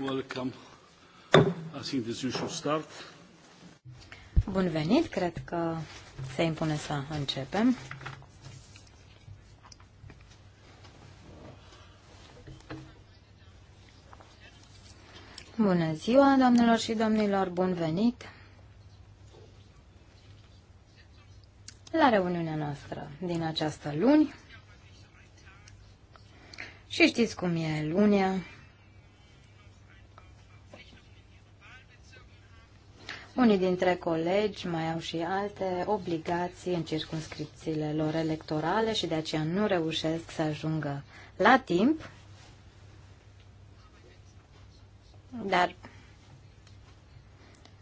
Welcome. I think you should start. Bun venit, cred că se impune să începem. Bună ziua, doamnelor și domnilor, bun venit la reuniunea noastră din această luni. Și știți cum e lunea, Unii dintre colegi mai au și alte obligații în circunscripțiile lor electorale și de aceea nu reușesc să ajungă la timp. Dar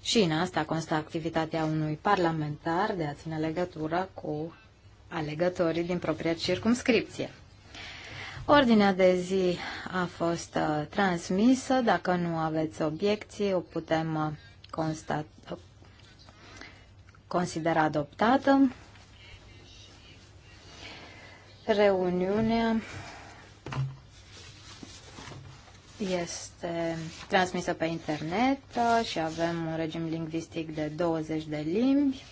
și în asta constă activitatea unui parlamentar de a ține legătură cu alegătorii din propria circumscripție. Ordinea de zi a fost uh, transmisă. Dacă nu aveți obiecții, o putem uh, constat, considera adoptată. Reuniunea este transmisă pe internet și avem un regim lingvistic de 20 de limbi.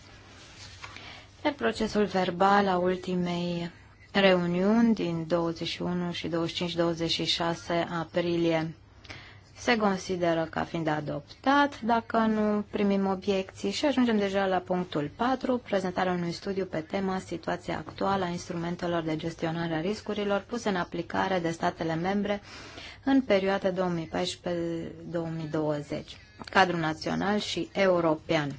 Iar procesul verbal a ultimei reuniuni din 21 și 25-26 aprilie se consideră ca fiind adoptat dacă nu primim obiecții și ajungem deja la punctul 4, prezentarea unui studiu pe tema situația actuală a instrumentelor de gestionare a riscurilor puse în aplicare de statele membre în perioada 2014-2020, cadrul național și european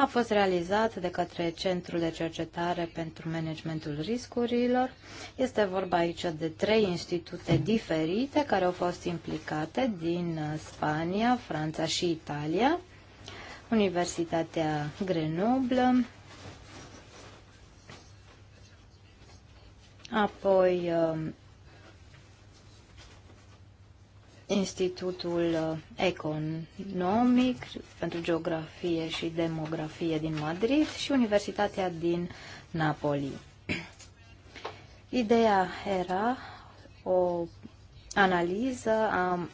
a fost realizat de către Centrul de Cercetare pentru Managementul Riscurilor. Este vorba aici de trei institute diferite care au fost implicate din Spania, Franța și Italia. Universitatea Grenoble, apoi um, Institutul uh, Economic pentru Geografie și Demografie din Madrid și Universitatea din Napoli. Ideea era o analiză a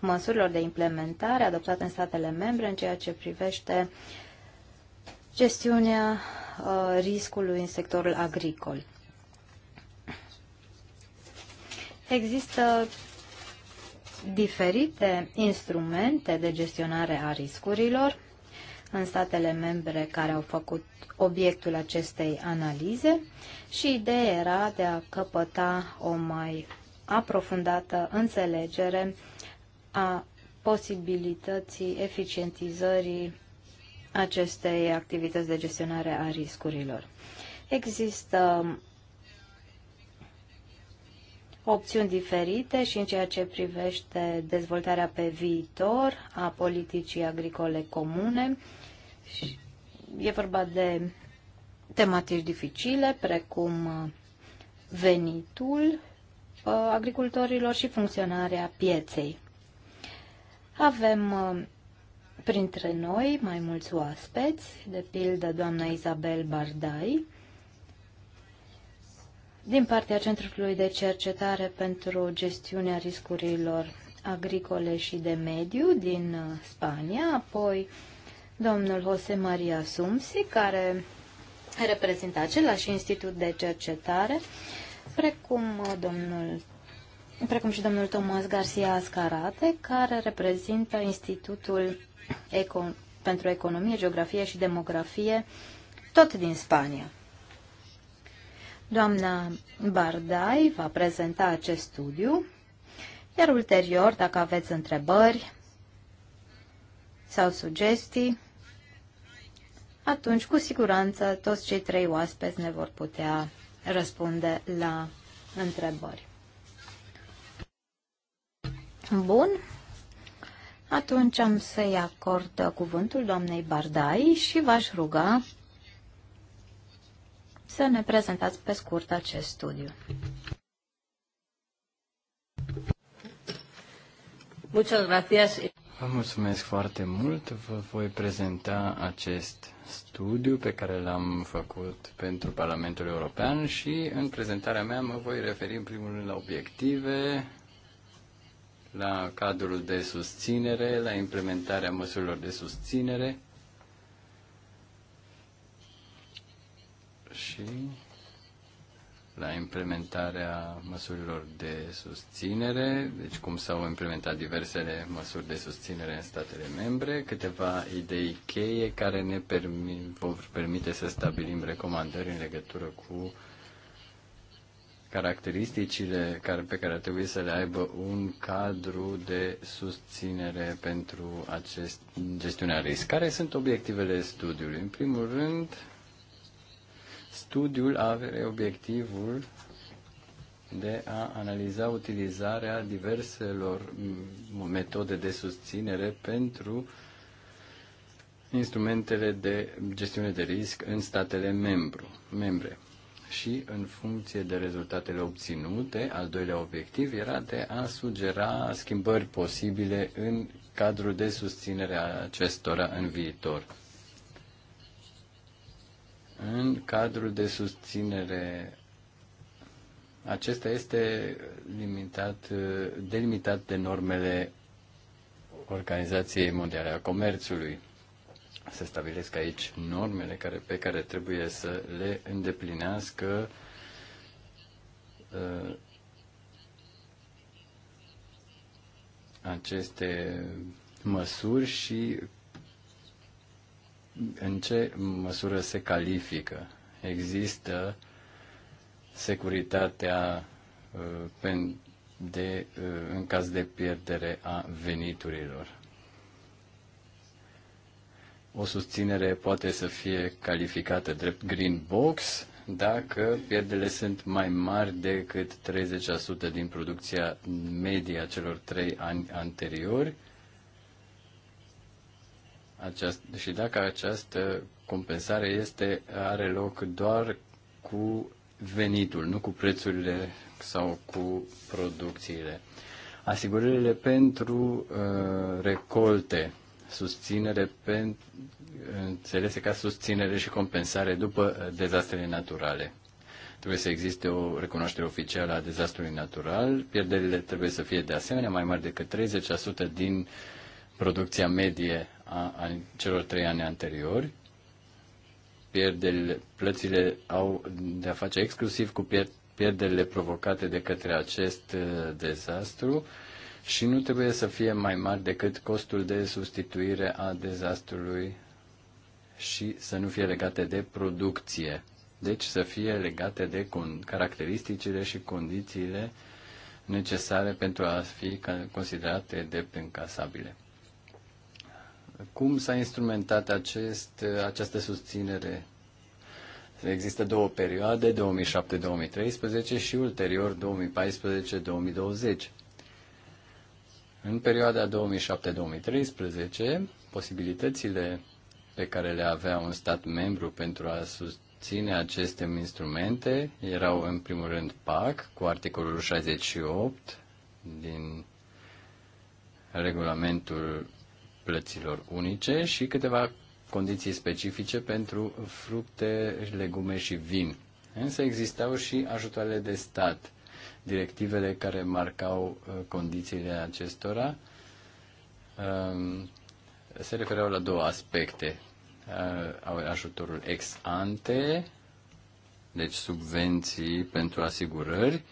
măsurilor de implementare adoptate în statele membre în ceea ce privește gestiunea uh, riscului în sectorul agricol. Există diferite instrumente de gestionare a riscurilor în statele membre care au făcut obiectul acestei analize și ideea era de a căpăta o mai aprofundată înțelegere a posibilității eficientizării acestei activități de gestionare a riscurilor. Există opțiuni diferite și în ceea ce privește dezvoltarea pe viitor a politicii agricole comune. Și e vorba de tematici dificile, precum uh, venitul uh, agricultorilor și funcționarea pieței. Avem uh, printre noi mai mulți oaspeți, de pildă doamna Isabel Bardai, din partea Centrului de Cercetare pentru Gestiunea Riscurilor Agricole și de Mediu din uh, Spania, apoi domnul Jose Maria Sumsi, care reprezintă același institut de cercetare, precum, uh, domnul, precum și domnul Tomas Garcia Ascarate, care reprezintă Institutul Econ- pentru Economie, Geografie și Demografie, tot din Spania. Doamna Bardai va prezenta acest studiu, iar ulterior, dacă aveți întrebări sau sugestii, atunci cu siguranță toți cei trei oaspeți ne vor putea răspunde la întrebări. Bun. Atunci am să-i acord cuvântul doamnei Bardai și v-aș ruga să ne prezentați pe scurt acest studiu. Vă mulțumesc foarte mult. Vă voi prezenta acest studiu pe care l-am făcut pentru Parlamentul European și în prezentarea mea mă voi referi în primul rând la obiective, la cadrul de susținere, la implementarea măsurilor de susținere și la implementarea măsurilor de susținere, deci cum s-au implementat diversele măsuri de susținere în statele membre, câteva idei cheie care ne permit, vor permite să stabilim recomandări în legătură cu caracteristicile care, pe care ar trebui să le aibă un cadru de susținere pentru acest, gestiunea risc. Care sunt obiectivele studiului? În primul rând, Studiul are obiectivul de a analiza utilizarea diverselor metode de susținere pentru instrumentele de gestiune de risc în statele membru, membre. Și în funcție de rezultatele obținute, al doilea obiectiv era de a sugera schimbări posibile în cadrul de susținere a acestora în viitor în cadrul de susținere acesta este limitat, delimitat de normele Organizației Mondiale a Comerțului. Se stabilesc aici normele care, pe care trebuie să le îndeplinească uh, aceste măsuri și în ce măsură se califică. Există securitatea uh, de, uh, în caz de pierdere a veniturilor. O susținere poate să fie calificată drept green box dacă pierderile sunt mai mari decât 30% din producția media celor trei ani anteriori aceast, și dacă această compensare este, are loc doar cu venitul, nu cu prețurile sau cu producțiile. Asigurările pentru uh, recolte, susținere pentru înțelese ca susținere și compensare după uh, dezastrele naturale. Trebuie să existe o recunoaștere oficială a dezastrului natural. Pierderile trebuie să fie de asemenea mai mari decât 30% din producția medie a celor trei ani anteriori. Pierderile, plățile au de-a face exclusiv cu pierderile provocate de către acest uh, dezastru și nu trebuie să fie mai mari decât costul de substituire a dezastrului și să nu fie legate de producție. Deci să fie legate de caracteristicile și condițiile necesare pentru a fi considerate drept încasabile. Cum s-a instrumentat acest, această susținere? Există două perioade, 2007-2013 și ulterior 2014-2020. În perioada 2007-2013, posibilitățile pe care le avea un stat membru pentru a susține aceste instrumente erau în primul rând PAC cu articolul 68 din regulamentul plăților unice și câteva condiții specifice pentru fructe, legume și vin. Însă existau și ajutoarele de stat, directivele care marcau uh, condițiile acestora um, se refereau la două aspecte. Uh, ajutorul ex ante, deci subvenții pentru asigurări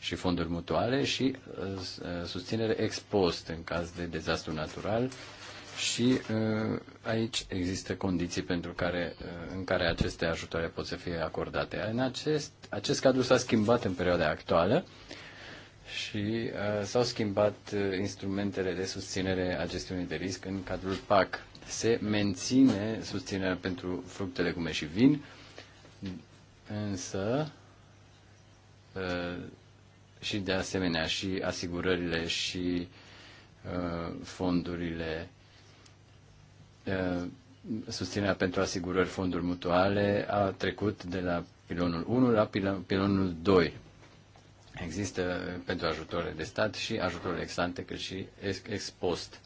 și fonduri mutuale și uh, susținere ex post în caz de dezastru natural și uh, aici există condiții pentru care, uh, în care aceste ajutoare pot să fie acordate. În acest, acest cadru s-a schimbat în perioada actuală și uh, s-au schimbat instrumentele de susținere a gestiunii de risc în cadrul PAC. Se menține susținerea pentru fructe, legume și vin, însă și de asemenea și asigurările și fondurile Eh, susținerea pentru asigurări fonduri mutuale a trecut de la pilonul 1 la pilonul 2. Există pentru ajutoare de stat și ajutorul exante, cât și expost.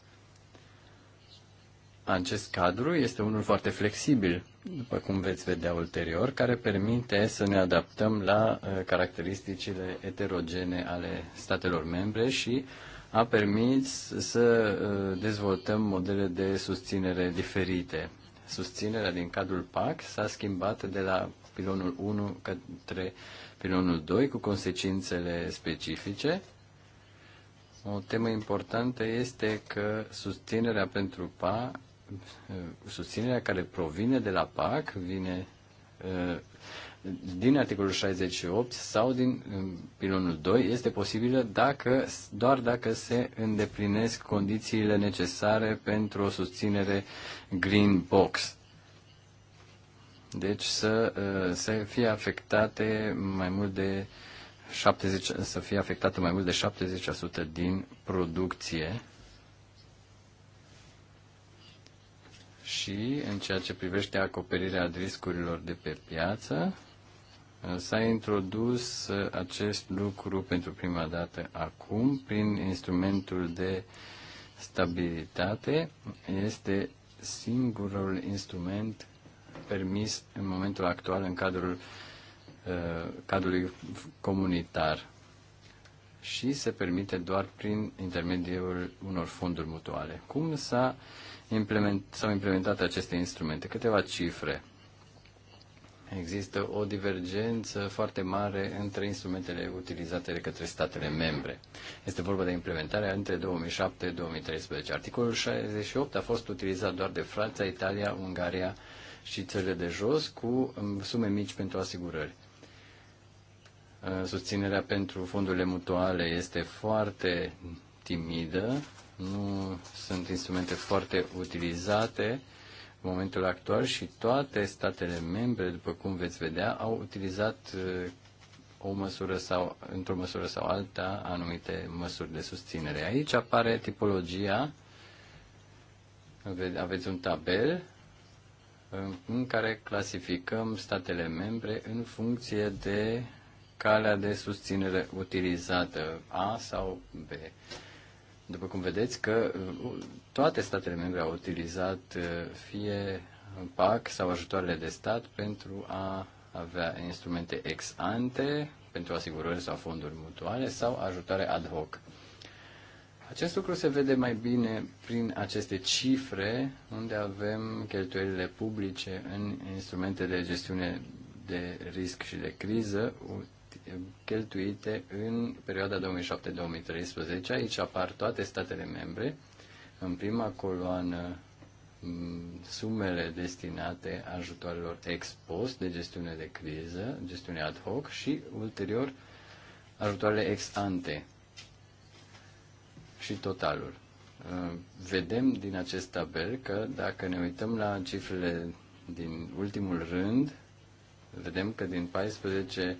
Acest cadru este unul foarte flexibil, după cum veți vedea ulterior, care permite să ne adaptăm la eh, caracteristicile eterogene ale statelor membre și uh, a permis să uh, dezvoltăm modele de susținere diferite. Susținerea din cadrul PAC s-a schimbat de la pilonul 1 către pilonul 2 cu consecințele specifice. O temă importantă este că susținerea pentru PA, uh, susținerea care provine de la PAC vine uh, din articolul 68 sau din pilonul 2 este posibilă dacă, doar dacă se îndeplinesc condițiile necesare pentru o susținere green box. Deci să, uh, să fie afectate mai mult de 70, să fie afectată mai mult de 70% din producție și în ceea ce privește acoperirea riscurilor de pe piață, S-a introdus uh, acest lucru pentru prima dată acum prin instrumentul de stabilitate. Este singurul instrument permis în momentul actual în cadrul uh, cadrului comunitar și se permite doar prin intermediul unor fonduri mutuale. Cum s-a implement, s-au implementat aceste instrumente? Câteva cifre există o divergență foarte mare între instrumentele utilizate de către statele membre. Este vorba de implementarea între 2007-2013. Articolul 68 a fost utilizat doar de Franța, Italia, Ungaria și țările de jos cu um, sume mici pentru asigurări. Uh, susținerea pentru fondurile mutuale este foarte timidă, nu sunt instrumente foarte utilizate momentul actual și toate statele membre, după cum veți vedea, au utilizat uh, o măsură sau, într-o măsură sau alta, anumite măsuri de susținere. Aici apare tipologia, aveți un tabel în care clasificăm statele membre în funcție de calea de susținere utilizată, A sau B după cum vedeți, că uh, toate statele membre au utilizat uh, fie PAC sau ajutoarele de stat pentru a avea instrumente ex ante, pentru asigurări sau fonduri mutuale sau ajutare ad hoc. Acest lucru se vede mai bine prin aceste cifre unde avem cheltuielile publice în instrumente de gestiune de risc și de criză cheltuite în perioada 2007-2013. Aici apar toate statele membre. În prima coloană mm, sumele destinate ajutoarelor ex post de gestiune de criză, gestiune ad hoc și ulterior ajutoarele ex ante și totalul. Mm, vedem din acest tabel că dacă ne uităm la cifrele din ultimul rând, vedem că din 14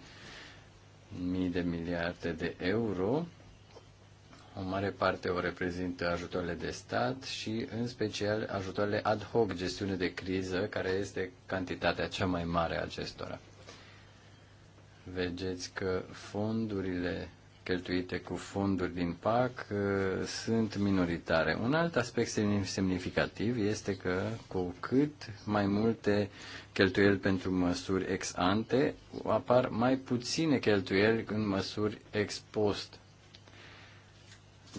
mii de miliarde de euro. O mare parte o reprezintă ajutoarele de stat și, în special, ajutoarele ad hoc, gestiune de criză, care este cantitatea cea mai mare a acestora. Vedeți că fondurile cheltuite cu fonduri din PAC uh, sunt minoritare. Un alt aspect semnificativ este că cu cât mai multe cheltuieli pentru măsuri ex ante, apar mai puține cheltuieli în măsuri ex post.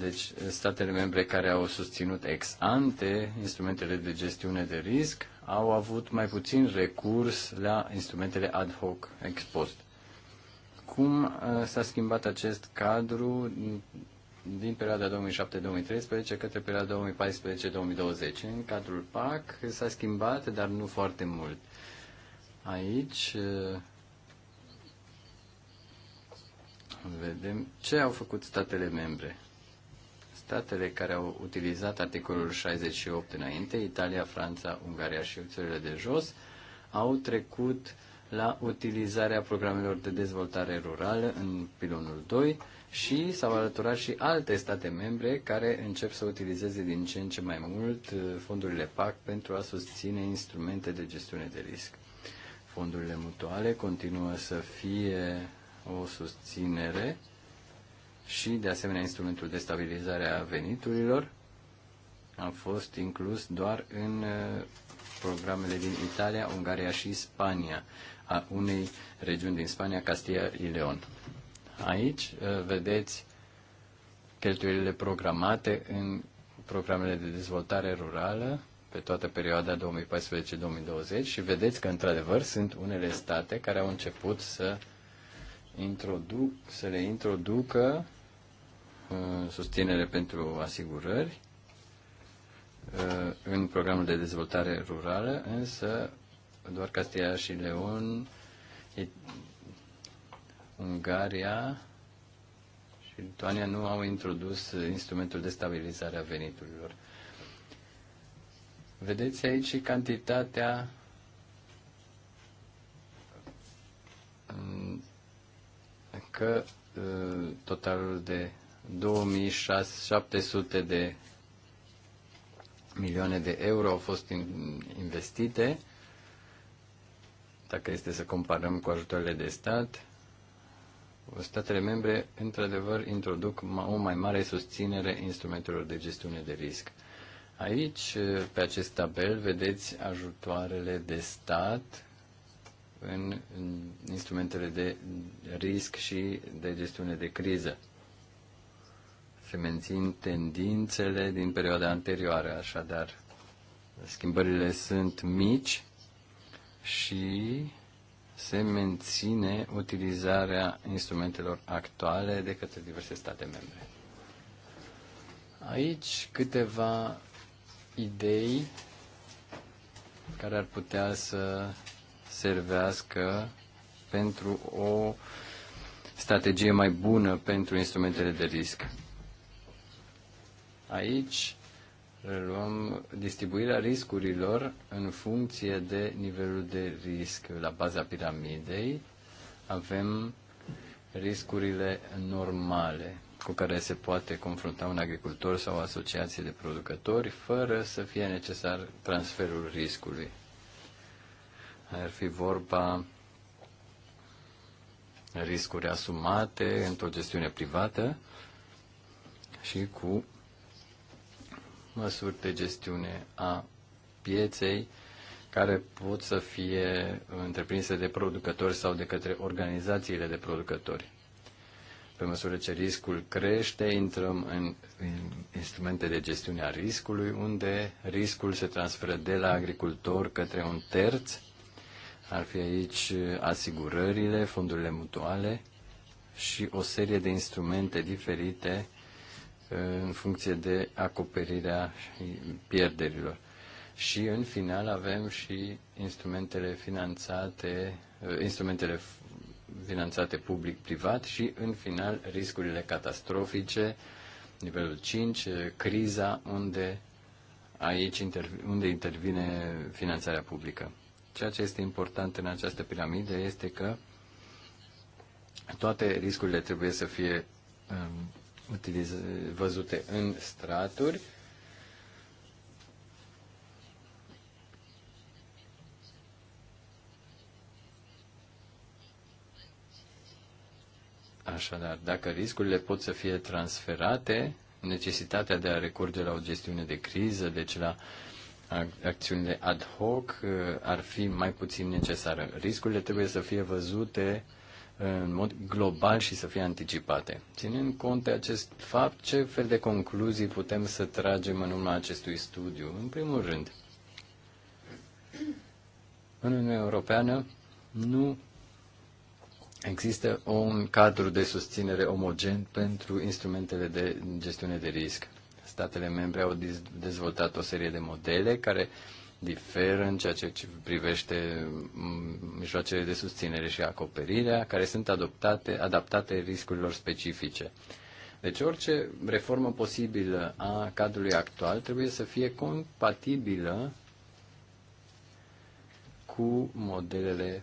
Deci, statele membre care au susținut ex ante instrumentele de gestiune de risc au avut mai puțin recurs la instrumentele ad hoc ex post cum uh, s-a schimbat acest cadru din perioada 2007-2013 către perioada 2014-2020. În cadrul PAC s-a schimbat, dar nu foarte mult. Aici uh, vedem ce au făcut statele membre. Statele care au utilizat articolul 68 înainte, Italia, Franța, Ungaria și țările de jos, au trecut uh, la utilizarea programelor de dezvoltare rurală în pilonul 2 și s-au alăturat și alte state membre care încep să utilizeze din ce în ce mai mult uh, fondurile PAC pentru a susține instrumente de gestiune de risc. Fondurile mutuale continuă să fie o susținere și, de asemenea, instrumentul de stabilizare a veniturilor a fost inclus doar în uh, programele din Italia, Ungaria și Spania a unei regiuni din Spania, Castilla y Leon. Aici uh, vedeți cheltuielile programate în programele de dezvoltare rurală pe toată perioada 2014-2020 și vedeți că, într-adevăr, sunt unele state care au început să, introduc, să le introducă uh, susținere pentru asigurări uh, în programul de dezvoltare rurală, însă doar Castilla și Leon, Ungaria și Lituania nu au introdus instrumentul de stabilizare a veniturilor. Vedeți aici și cantitatea că ă, totalul de 2700 de milioane de euro au fost investite dacă este să comparăm cu ajutoarele de stat, statele membre, într-adevăr, introduc o mai mare susținere instrumentelor de gestiune de risc. Aici, pe acest tabel, vedeți ajutoarele de stat în instrumentele de risc și de gestiune de criză. Se mențin tendințele din perioada anterioară, așadar schimbările sunt mici și se menține utilizarea instrumentelor actuale de către diverse state membre. Aici câteva idei care ar putea să servească pentru o strategie mai bună pentru instrumentele de risc. Aici Reluăm distribuirea riscurilor în funcție de nivelul de risc. La baza piramidei avem riscurile normale cu care se poate confrunta un agricultor sau o asociație de producători fără să fie necesar transferul riscului. Ar fi vorba riscuri asumate într-o gestiune privată și cu măsuri de gestiune a pieței care pot să fie întreprinse de producători sau de către organizațiile de producători. Pe măsură ce riscul crește, intrăm în instrumente de gestiune a riscului, unde riscul se transferă de la agricultor către un terț. Ar fi aici asigurările, fondurile mutuale și o serie de instrumente diferite în funcție de acoperirea pierderilor. Și în final avem și instrumentele finanțate, uh, instrumentele finanțate public-privat și în final riscurile catastrofice, nivelul 5, uh, criza unde aici unde intervine finanțarea publică. Ceea ce este important în această piramidă este că toate riscurile trebuie să fie um, utiliz- văzute în straturi. Așadar, dacă riscurile pot să fie transferate, necesitatea de a recurge la o gestiune de criză, deci la acțiunile ad hoc, uh, ar fi mai puțin necesară. Riscurile trebuie să fie văzute uh, în mod global și să fie anticipate. Ținând cont de acest fapt, ce fel de concluzii putem să tragem în urma acestui studiu? În primul rând, în Uniunea Europeană nu există un cadru de susținere omogen pentru instrumentele de gestiune de risc. Statele membre au dezvoltat o serie de modele care uh, diferă în ceea ce privește mijloacele de susținere și acoperirea, care sunt adoptate, adaptate riscurilor specifice. Deci orice reformă posibilă a cadrului actual trebuie să fie compatibilă cu modelele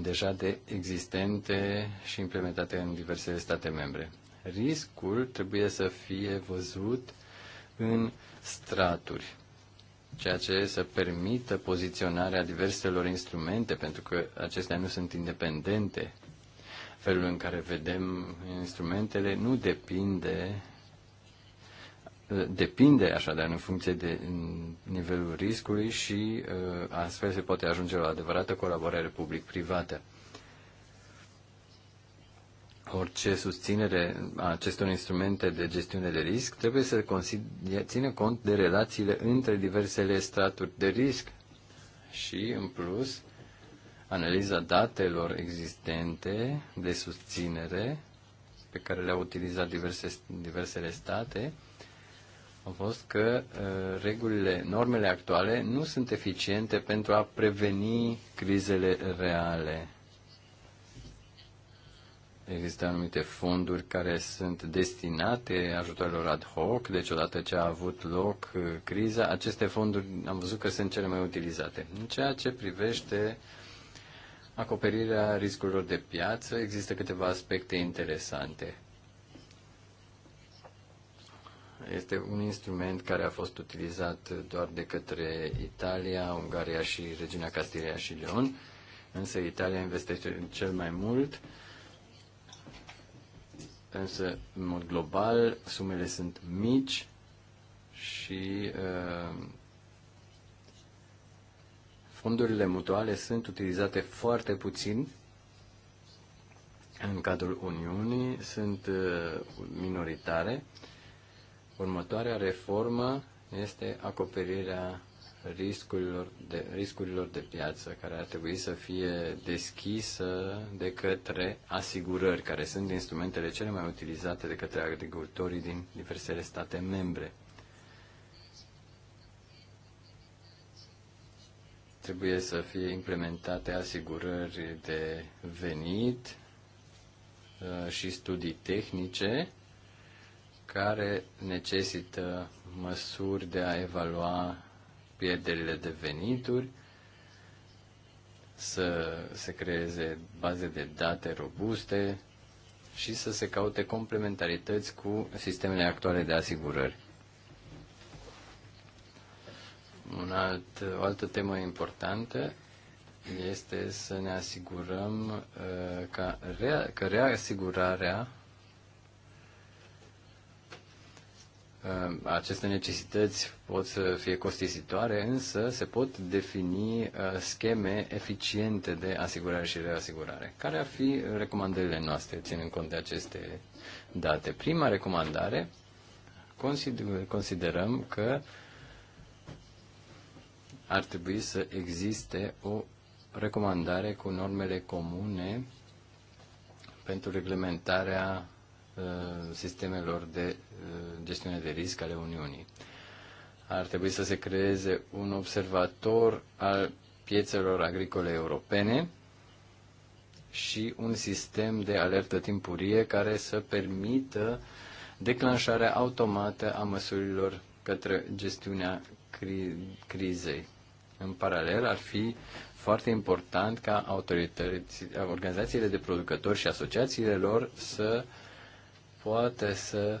deja de existente și implementate în diversele state membre. Riscul trebuie să fie văzut în straturi ceea ce să permită poziționarea diverselor instrumente, pentru că acestea nu sunt independente. Felul în care vedem instrumentele nu depinde depinde așadar în funcție de nivelul riscului și uh, astfel se poate ajunge la adevărată colaborare public-privată orice susținere a acestor instrumente de gestiune de risc trebuie să țină cont de relațiile între diversele straturi de risc și, în plus, analiza datelor existente de susținere pe care le-au utilizat diverse, diversele state a fost că uh, regulile, normele actuale nu sunt eficiente pentru a preveni crizele reale. Există anumite fonduri care sunt destinate ajutorilor ad hoc, deci odată ce a avut loc uh, criza, aceste fonduri am văzut că sunt cele mai utilizate. În ceea ce privește acoperirea riscurilor de piață, există câteva aspecte interesante. Este un instrument care a fost utilizat doar de către Italia, Ungaria și Regina Castilia și Leon, însă Italia investește cel mai mult însă, în mod global, sumele sunt mici și uh, fondurile mutuale sunt utilizate foarte puțin în cadrul Uniunii, sunt uh, minoritare. Următoarea reformă este acoperirea riscurilor de, riscurilor de piață, care ar trebui să fie deschisă de către asigurări, care sunt instrumentele cele mai utilizate de către agricultorii din diversele state membre. Trebuie să fie implementate asigurări de venit uh, și studii tehnice care necesită măsuri de a evalua pierderile de venituri, să se creeze baze de date robuste și să se caute complementarități cu sistemele actuale de asigurări. Un alt, o altă temă importantă este să ne asigurăm uh, ca rea, că reasigurarea Ehm, aceste necesități pot să fie costisitoare, însă se pot defini eh, scheme eficiente de asigurare și reasigurare. Care ar fi recomandările noastre, ținând cont de aceste date? Prima recomandare, considerăm că ar trebui să existe o recomandare cu normele comune pentru reglementarea Uh, sistemelor de uh, gestiune de risc ale Uniunii. Ar trebui să se creeze un observator al piețelor agricole europene și un sistem de alertă timpurie care să permită declanșarea automată a măsurilor către gestiunea cri- crizei. În paralel, ar fi foarte important ca autorități, organizațiile de producători și asociațiile lor să uh, poate să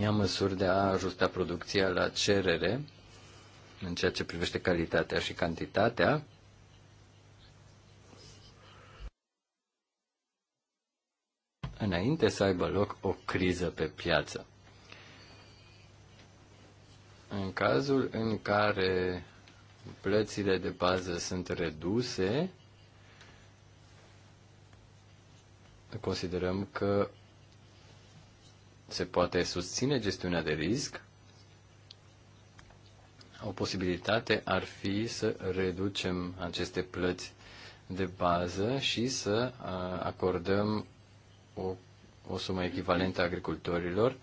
ia măsuri de a ajusta producția la cerere în ceea ce privește calitatea și cantitatea. înainte să aibă loc o criză pe piață. În cazul în care plățile de bază sunt reduse, considerăm că se poate susține gestiunea de risc. O posibilitate ar fi să reducem aceste plăți de bază și să acordăm o, o sumă echivalentă a agricultorilor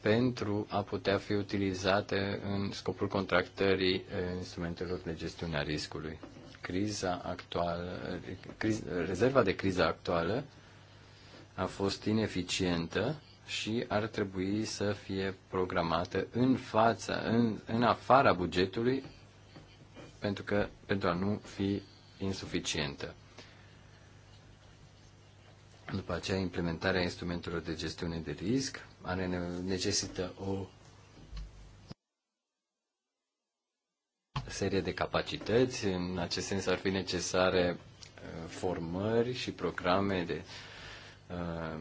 pentru a putea fi utilizate în scopul contractării instrumentelor de gestiune a riscului criza actuală, criz, rezerva de criză actuală a fost ineficientă și ar trebui să fie programată în fața, în, în afara bugetului pentru, că, pentru a nu fi insuficientă. După aceea, implementarea instrumentelor de gestiune de risc are necesită o serie de capacități. În acest sens ar fi necesare uh, formări și programe de uh,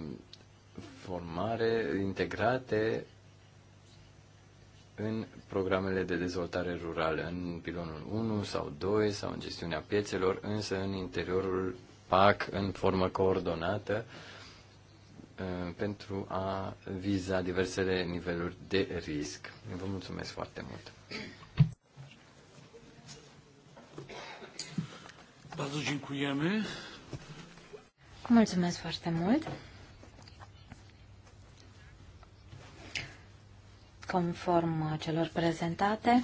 formare integrate în programele de dezvoltare rurală, în pilonul 1 sau 2 sau în gestiunea piețelor, însă în interiorul PAC în formă coordonată uh, pentru a viza diversele niveluri de risc. Vă mulțumesc foarte mult! Bardzo dziękujemy. Mulțumesc foarte mult. Conform celor prezentate,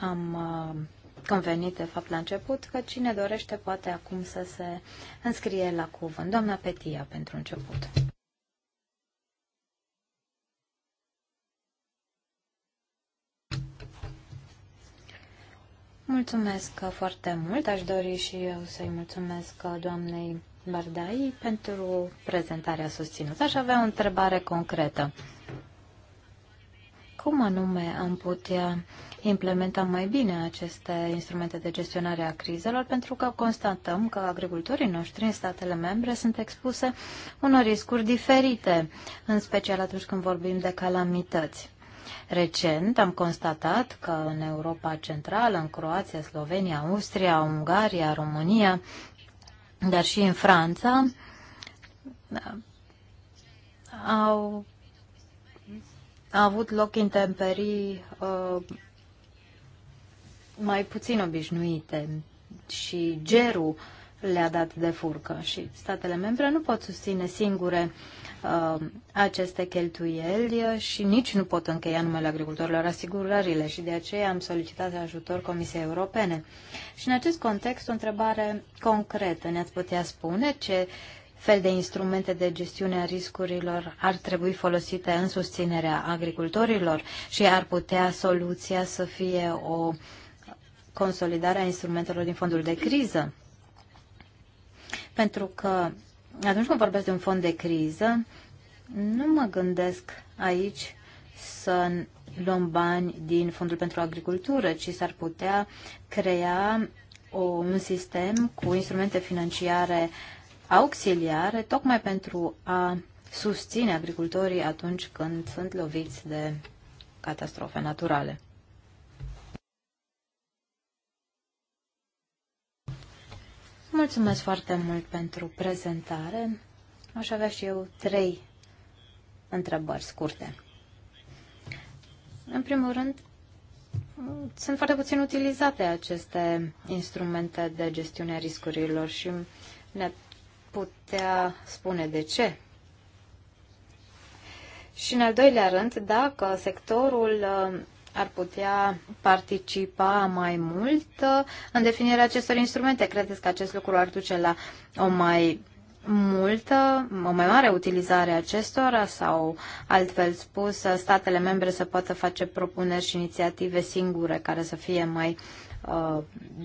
am uh, convenit de fapt la început că cine dorește poate acum să se înscrie la cuvânt. Doamna Petia pentru început. Mulțumesc foarte mult. Aș dori și eu să-i mulțumesc doamnei Bardai pentru prezentarea susținută. Aș avea o întrebare concretă. Cum anume am putea implementa mai bine aceste instrumente de gestionare a crizelor, pentru că constatăm că agricultorii noștri în statele membre sunt expuse unor riscuri diferite, în special atunci când vorbim de calamități. Recent am constatat că în Europa Centrală, în Croația, Slovenia, Austria, Ungaria, România, dar și în Franța, au, au avut loc intemperii uh, mai puțin obișnuite și gerul le-a dat de furcă și statele membre nu pot susține singure uh, aceste cheltuieli și nici nu pot încheia numele agricultorilor asigurările și de aceea am solicitat ajutor Comisiei Europene. Și în acest context, o întrebare concretă. Ne-ați putea spune ce fel de instrumente de gestiune a riscurilor ar trebui folosite în susținerea agricultorilor și ar putea soluția să fie o consolidare a instrumentelor din fondul de criză? Pentru că atunci când vorbesc de un fond de criză, nu mă gândesc aici să luăm bani din Fondul pentru Agricultură, ci s-ar putea crea o, un sistem cu instrumente financiare auxiliare, tocmai pentru a susține agricultorii atunci când sunt loviți de catastrofe naturale. Mulțumesc foarte mult pentru prezentare. Aș avea și eu trei întrebări scurte. În primul rând, sunt foarte puțin utilizate aceste instrumente de gestiune a riscurilor și ne putea spune de ce. Și în al doilea rând, dacă sectorul ar putea participa mai mult uh, în definirea acestor instrumente. Credeți că acest lucru ar duce la o mai multă, o mai mare utilizare a acestora sau, altfel spus, statele membre să poată face propuneri și inițiative singure care să fie mai uh,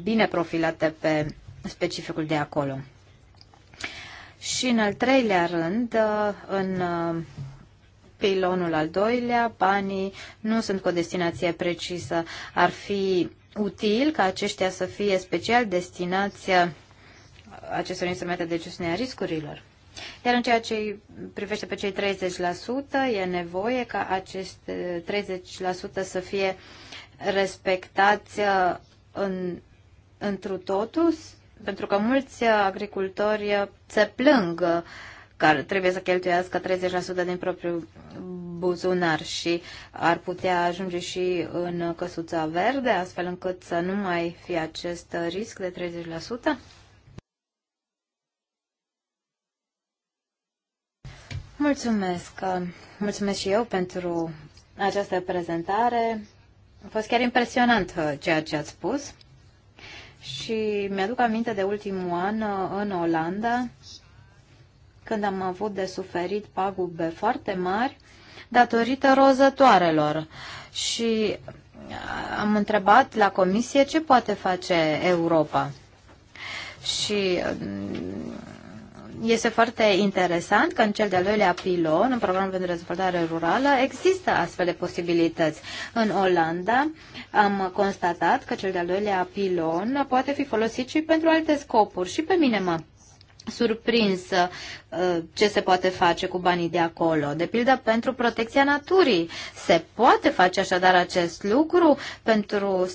bine profilate pe specificul de acolo. Și în al treilea rând, uh, în uh, Pilonul al doilea, banii nu sunt cu o destinație precisă. Ar fi util ca aceștia să fie special destinația acestor instrumente de gestiune a riscurilor. Iar în ceea ce privește pe cei 30%, e nevoie ca acest 30% să fie respectați uh, în, întru totul, pentru că mulți uh, agricultori uh, se plâng care trebuie să cheltuiască 30% din propriul buzunar și ar putea ajunge și în căsuța verde, astfel încât să nu mai fie acest risc de 30%? Mulțumesc! Mulțumesc și eu pentru această prezentare. A fost chiar impresionant uh, ceea ce ați spus. Și mi-aduc aminte de ultimul an uh, în Olanda când am avut de suferit pagube foarte mari datorită rozătoarelor. Și uh, am întrebat la comisie ce poate face Europa. Și uh, este foarte interesant că în cel de-al doilea pilon, în programul pentru dezvoltare rurală, există astfel de posibilități. În Olanda am constatat că cel de-al doilea pilon poate fi folosit și pentru alte scopuri. Și pe mine mă surprinsă uh, ce se poate face cu banii de acolo. De pildă, pentru protecția naturii. Se poate face așadar acest lucru? Pentru uh,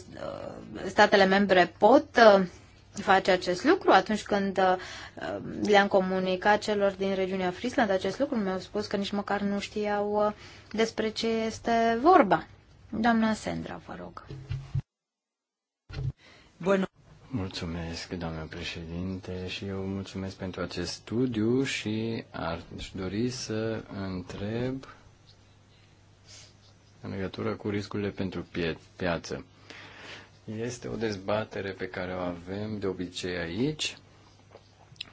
statele membre pot uh, face acest lucru atunci când le-am comunicat celor din regiunea Frisland acest lucru, mi-au spus că nici măcar nu știau despre ce este vorba. Doamna Sandra, vă rog. Bună. Mulțumesc, doamnă președinte, și eu mulțumesc pentru acest studiu și ar dori să întreb în legătură cu riscurile pentru pie- piață. Este o dezbatere pe care o avem de obicei aici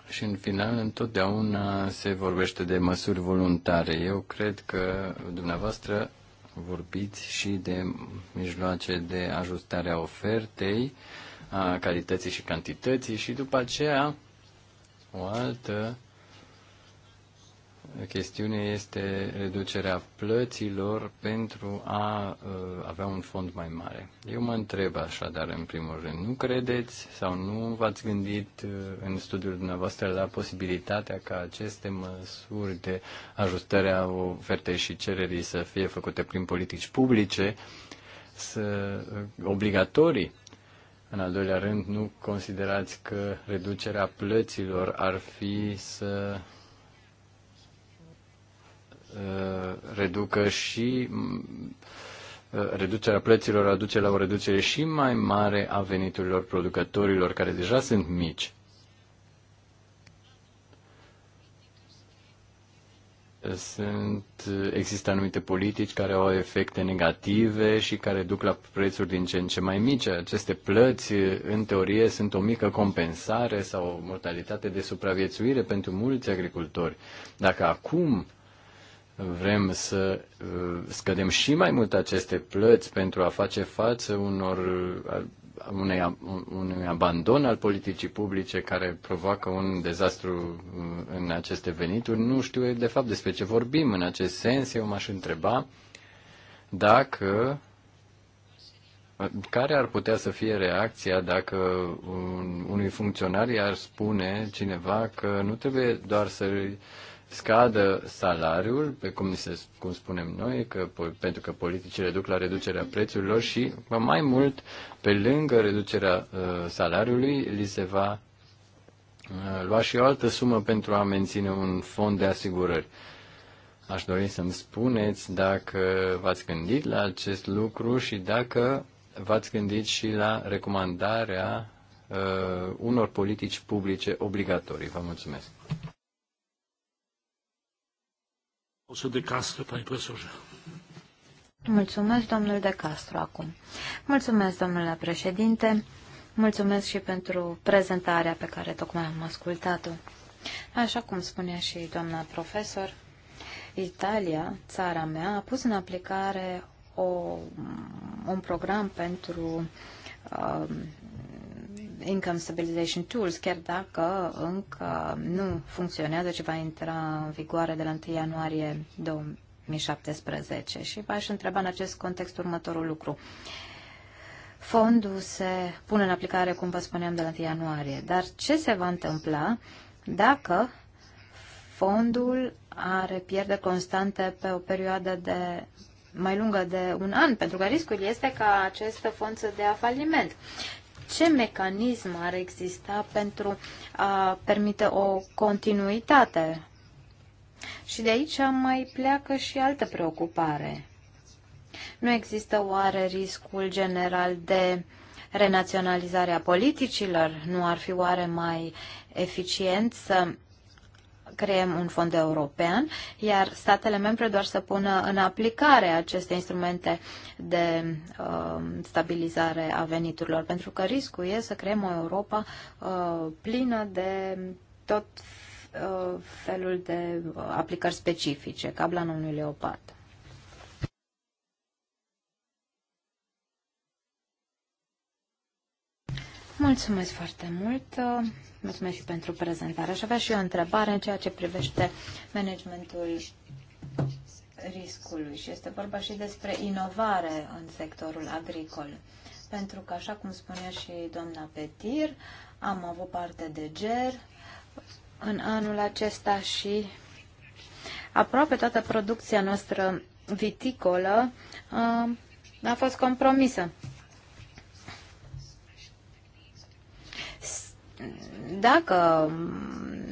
și în final întotdeauna se vorbește de măsuri voluntare. Eu cred că dumneavoastră vorbiți și de mijloace de ajustare a ofertei, a calității și cantității și după aceea o altă chestiune este reducerea plăților pentru a uh, avea un fond mai mare. Eu mă întreb așadar, în primul rând, nu credeți sau nu v-ați gândit uh, în studiul dumneavoastră la posibilitatea ca aceste măsuri de ajustare a ofertei și cererii să fie făcute prin politici publice, să, uh, obligatorii în al doilea rând, nu considerați că reducerea plăților ar fi să uh, reducă și uh, reducerea plăților aduce la o reducere și mai mare a veniturilor producătorilor care deja sunt mici. sunt, există anumite politici care au efecte negative și care duc la prețuri din ce în ce mai mici. Aceste plăți, în teorie, sunt o mică compensare sau o mortalitate de supraviețuire pentru mulți agricultori. Dacă acum vrem să uh, scădem și mai mult aceste plăți pentru a face față unor unei, unui abandon al politicii publice care provoacă un dezastru uh, în aceste venituri. Nu știu de fapt despre ce vorbim în acest sens. Eu m-aș întreba dacă uh, care ar putea să fie reacția dacă un, unui funcționar i-ar spune cineva că nu trebuie doar să scadă salariul, pe cum, se, cum spunem noi, că, pentru că politicile duc la reducerea prețurilor și mai mult, pe lângă reducerea uh, salariului, li se va uh, lua și o altă sumă pentru a menține un fond de asigurări. Aș dori să-mi spuneți dacă v-ați gândit la acest lucru și dacă v-ați gândit și la recomandarea uh, unor politici publice obligatorii. Vă mulțumesc. De Castro, pani profesorze. Mulțumesc, domnul De Castro, acum. Mulțumesc, domnule președinte. Mulțumesc și pentru prezentarea pe care tocmai am ascultat-o. Așa cum spunea și doamna profesor, Italia, țara mea, a pus în aplicare o, un program pentru uh, Income Stabilization Tools, chiar dacă încă nu funcționează, ce va intra în vigoare de la 1 ianuarie 2017. Și v-aș întreba în acest context următorul lucru. Fondul se pune în aplicare, cum vă spuneam, de la 1 ianuarie, dar ce se va întâmpla dacă fondul are pierde constante pe o perioadă de mai lungă de un an, pentru că riscul este ca acest fond să dea faliment ce mecanism ar exista pentru a permite o continuitate? Și de aici mai pleacă și altă preocupare. Nu există oare riscul general de renaționalizare a politicilor? Nu ar fi oare mai eficient să creăm un fond european, iar statele membre doar să pună în aplicare aceste instrumente de uh, stabilizare a veniturilor, pentru că riscul e să creăm o Europa uh, plină de tot uh, felul de uh, aplicări specifice, ca blanul unui leopard. Mulțumesc foarte mult. Mulțumesc și pentru prezentare. Aș avea și eu o întrebare în ceea ce privește managementul riscului și este vorba și despre inovare în sectorul agricol. Pentru că, așa cum spunea și doamna Petir, am avut parte de GER în anul acesta și aproape toată producția noastră viticolă uh, a fost compromisă. dacă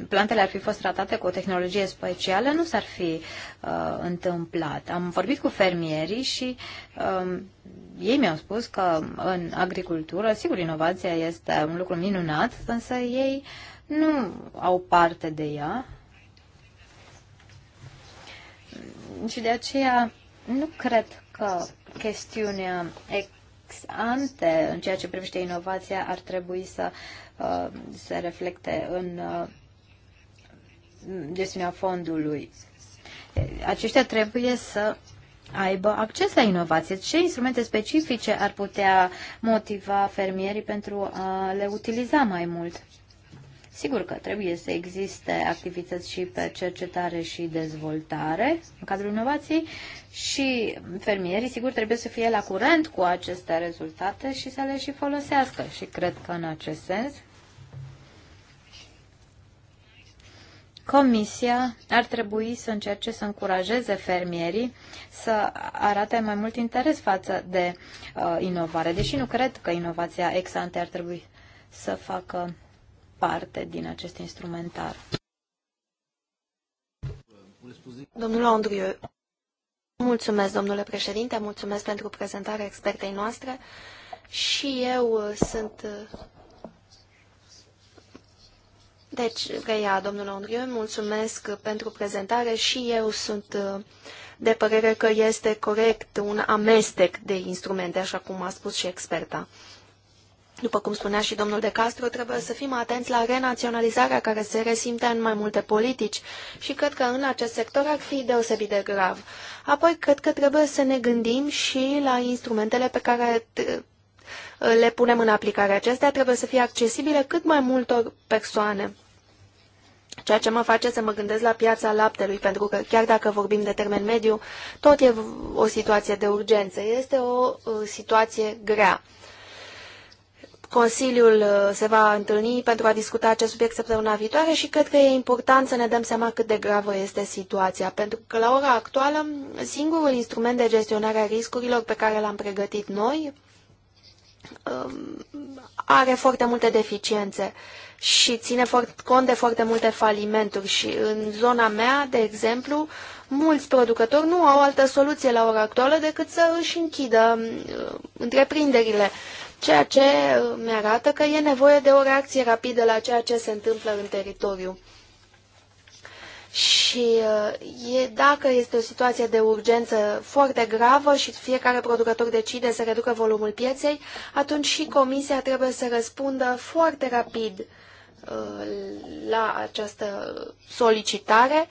plantele ar fi fost tratate cu o tehnologie specială, nu s-ar fi uh, întâmplat. Am vorbit cu fermierii și uh, ei mi-au spus că în agricultură, sigur, inovația este un lucru minunat, însă ei nu au parte de ea. Și de aceea nu cred că chestiunea ex ante în ceea ce privește inovația ar trebui să uh, Uh, se reflecte uh, în gestiunea fondului. Aceștia trebuie să aibă acces la inovație. Ce instrumente specifice ar putea motiva fermierii pentru a le utiliza mai mult? Sigur că trebuie să existe activități și pe cercetare și dezvoltare în cadrul inovației și fermierii, sigur, trebuie să fie la curent cu aceste rezultate și să le și folosească. Și cred că în acest sens Comisia ar trebui să încerce să încurajeze fermierii să arate mai mult interes față de uh, inovare, deși nu cred că inovația ex ante ar trebui să facă parte din acest instrumentar. Domnul Andriu, mulțumesc, domnule președinte, mulțumesc pentru prezentarea expertei noastre și eu uh, sunt uh, deci, reia domnul Andriu, mulțumesc pentru prezentare și eu sunt uh, de părere că este corect un amestec de instrumente, așa cum a spus și experta. După cum spunea și domnul De Castro, trebuie să fim atenți la renaționalizarea care se resimte în mai multe politici și cred că în acest sector ar fi deosebit de grav. Apoi, cred că trebuie să ne gândim și la instrumentele pe care le punem în aplicare. Acestea trebuie să fie accesibile cât mai multor persoane. Ceea ce mă face să mă gândesc la piața laptelui, pentru că chiar dacă vorbim de termen mediu, tot e o situație de urgență. Este o uh, situație grea. Consiliul uh, se va întâlni pentru a discuta acest subiect săptămâna viitoare și cred că e important să ne dăm seama cât de gravă este situația, pentru că la ora actuală singurul instrument de gestionare a riscurilor pe care l-am pregătit noi Um, are foarte multe deficiențe și ține cont de foarte multe falimenturi și în zona mea, de exemplu, mulți producători nu au altă soluție la ora actuală decât să își închidă um, întreprinderile, ceea ce uh, mi arată că e nevoie de o reacție rapidă la ceea ce se întâmplă în teritoriu și uh, e, dacă este o situație de urgență foarte gravă și fiecare producător decide să reducă volumul pieței, atunci și comisia trebuie să răspundă foarte rapid uh, la această solicitare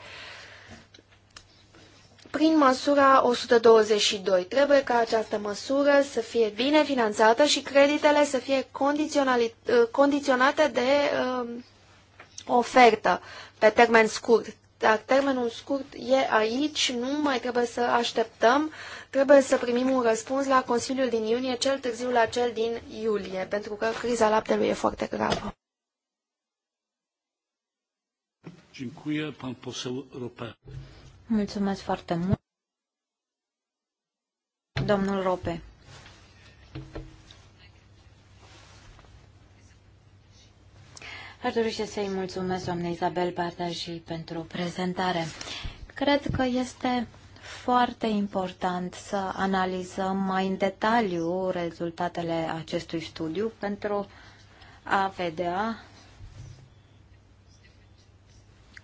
prin măsura 122. Trebuie ca această măsură să fie bine finanțată și creditele să fie uh, condiționate de ofertă pe termen scurt dar termenul scurt e aici, nu mai trebuie să așteptăm, trebuie să primim un răspuns la Consiliul din iunie, cel târziu la cel din iulie, pentru că criza laptelui e foarte gravă. Mulțumesc foarte mult. Domnul Rope. Ar dori și să-i mulțumesc doamne Isabel și pentru prezentare. Cred că este foarte important să analizăm mai în detaliu rezultatele acestui studiu pentru a vedea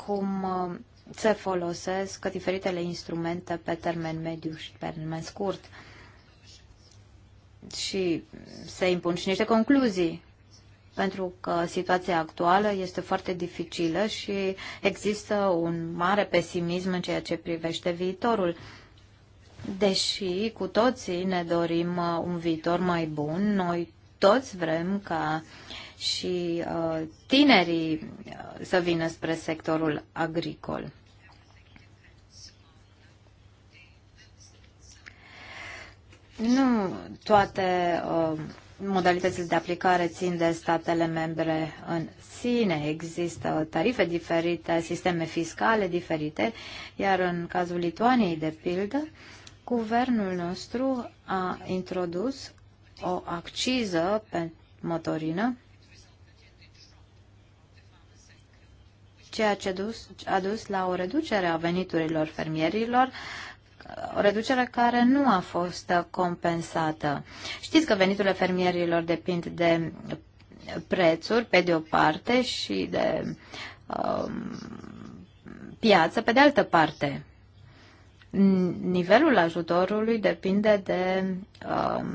cum uh, se folosesc diferitele instrumente pe termen mediu și pe termen scurt și se impun și niște concluzii pentru că situația actuală este foarte dificilă și există un mare pesimism în ceea ce privește viitorul. Deși cu toții ne dorim uh, un viitor mai bun, noi toți vrem ca și uh, tinerii uh, să vină spre sectorul agricol. Nu toate uh, modalitățile de aplicare țin de statele membre în sine. Există tarife diferite, sisteme fiscale diferite, iar în cazul Lituaniei, de pildă, guvernul nostru a introdus o acciză pe motorină, ceea ce dus, a dus la o reducere a veniturilor fermierilor o reducere care nu a fost compensată. Știți că veniturile fermierilor depind de prețuri, pe de o parte, și de um, piață, pe de altă parte. Nivelul ajutorului depinde de um,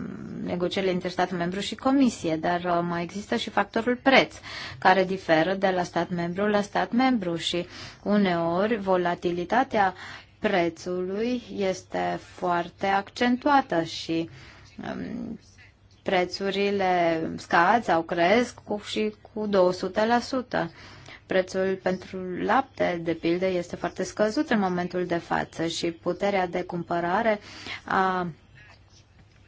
negocierile între stat membru și comisie, dar uh, mai există și factorul preț, care diferă de la stat membru la stat membru și uneori volatilitatea prețului este foarte accentuată și um, prețurile scad sau cresc cu, și cu 200%. Prețul pentru lapte, de pildă, este foarte scăzut în momentul de față și puterea de cumpărare a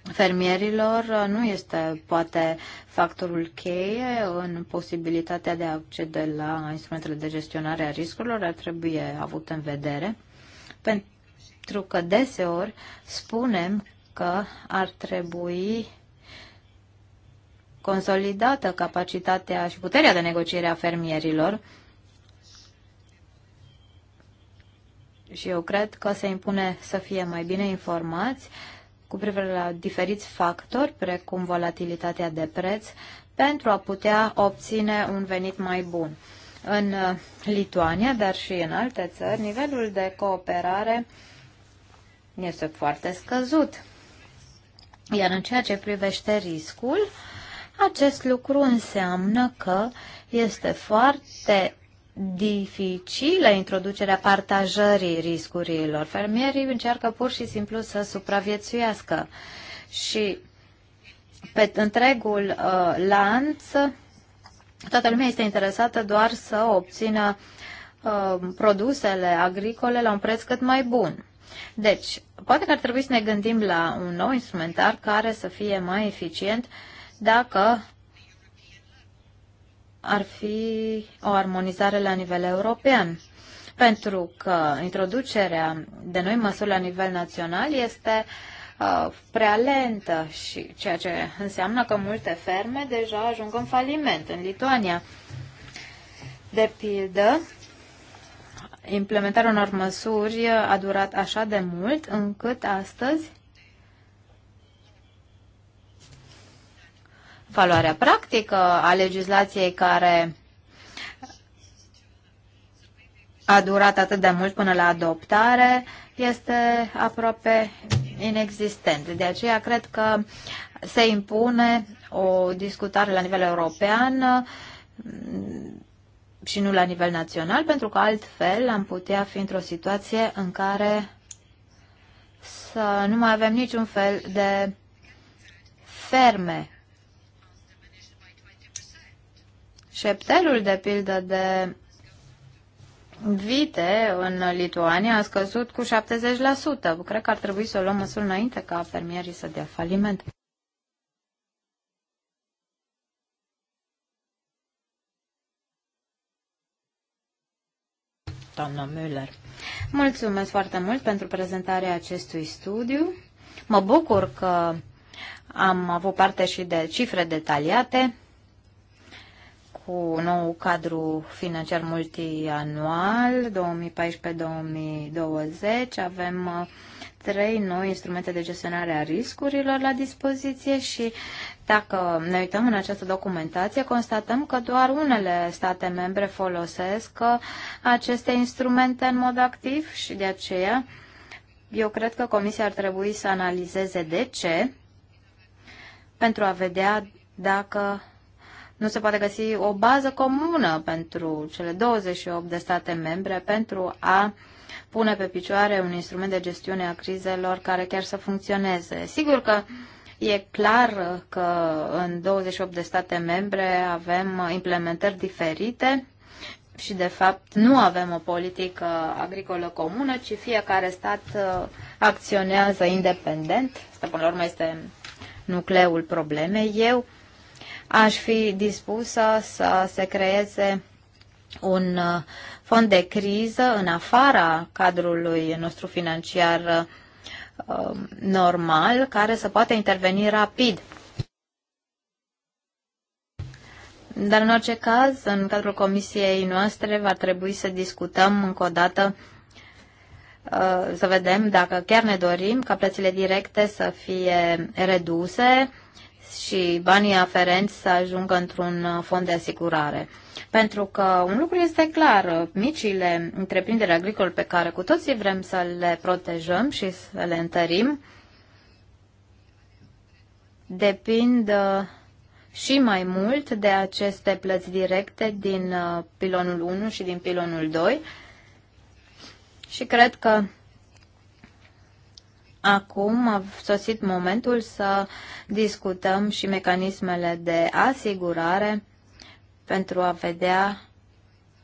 fermierilor nu este poate factorul cheie în posibilitatea de a accede la instrumentele de gestionare a riscurilor, ar trebui avut în vedere. Pentru că deseori spunem că ar trebui consolidată capacitatea și puterea de negociere a fermierilor și eu cred că se impune să fie mai bine informați cu privire la diferiți factori, precum volatilitatea de preț, pentru a putea obține un venit mai bun în uh, Lituania, dar și în alte țări, nivelul de cooperare este foarte scăzut. Iar în ceea ce privește riscul, acest lucru înseamnă că este foarte dificilă introducerea partajării riscurilor. Fermierii încearcă pur și simplu să supraviețuiască și pe întregul uh, lanț Toată lumea este interesată doar să obțină uh, produsele agricole la un preț cât mai bun. Deci, poate că ar trebui să ne gândim la un nou instrumentar care să fie mai eficient dacă ar fi o armonizare la nivel european. Pentru că introducerea de noi măsuri la nivel național este uh, Uh, prea lentă și ceea ce înseamnă că multe ferme deja ajung în faliment în Lituania. De pildă, implementarea unor măsuri a durat așa de mult încât astăzi valoarea practică a legislației care a durat atât de mult până la adoptare este aproape inexistent. De aceea cred că se impune o discutare la nivel european mm, și nu la nivel național, pentru că altfel am putea fi într-o situație în care să nu mai avem niciun fel de ferme. Șeptelul, de pildă, de vite în Lituania a scăzut cu 70%. Cred că ar trebui să o luăm măsuri înainte ca fermierii să dea faliment. Doamna Müller. Mulțumesc foarte mult pentru prezentarea acestui studiu. Mă bucur că am avut parte și de cifre detaliate cu un nou cadru financiar multianual 2014-2020. Avem uh, trei noi instrumente de gestionare a riscurilor la dispoziție și dacă ne uităm în această documentație, constatăm că doar unele state membre folosesc uh, aceste instrumente în mod activ și de aceea eu cred că Comisia ar trebui să analizeze de ce pentru a vedea dacă nu se poate găsi o bază comună pentru cele 28 de state membre pentru a pune pe picioare un instrument de gestiune a crizelor care chiar să funcționeze. Sigur că e clar că în 28 de state membre avem implementări diferite și de fapt nu avem o politică agricolă comună, ci fiecare stat uh, acționează independent. Asta până la urmă este nucleul problemei. Eu aș fi dispusă să se creeze un uh, fond de criză în afara cadrului nostru financiar uh, normal care să poată interveni rapid. Dar în orice caz, în cadrul comisiei noastre va trebui să discutăm încă o dată uh, să vedem dacă chiar ne dorim ca plățile directe să fie reduse și banii aferenți să ajungă într-un uh, fond de asigurare. Pentru că un lucru este clar, uh, micile întreprinderi agricole pe care cu toții vrem să le protejăm și să le întărim, depind uh, și mai mult de aceste plăți directe din pilonul 1 și din pilonul 2 și cred că Acum a sosit momentul să discutăm și mecanismele de asigurare pentru a vedea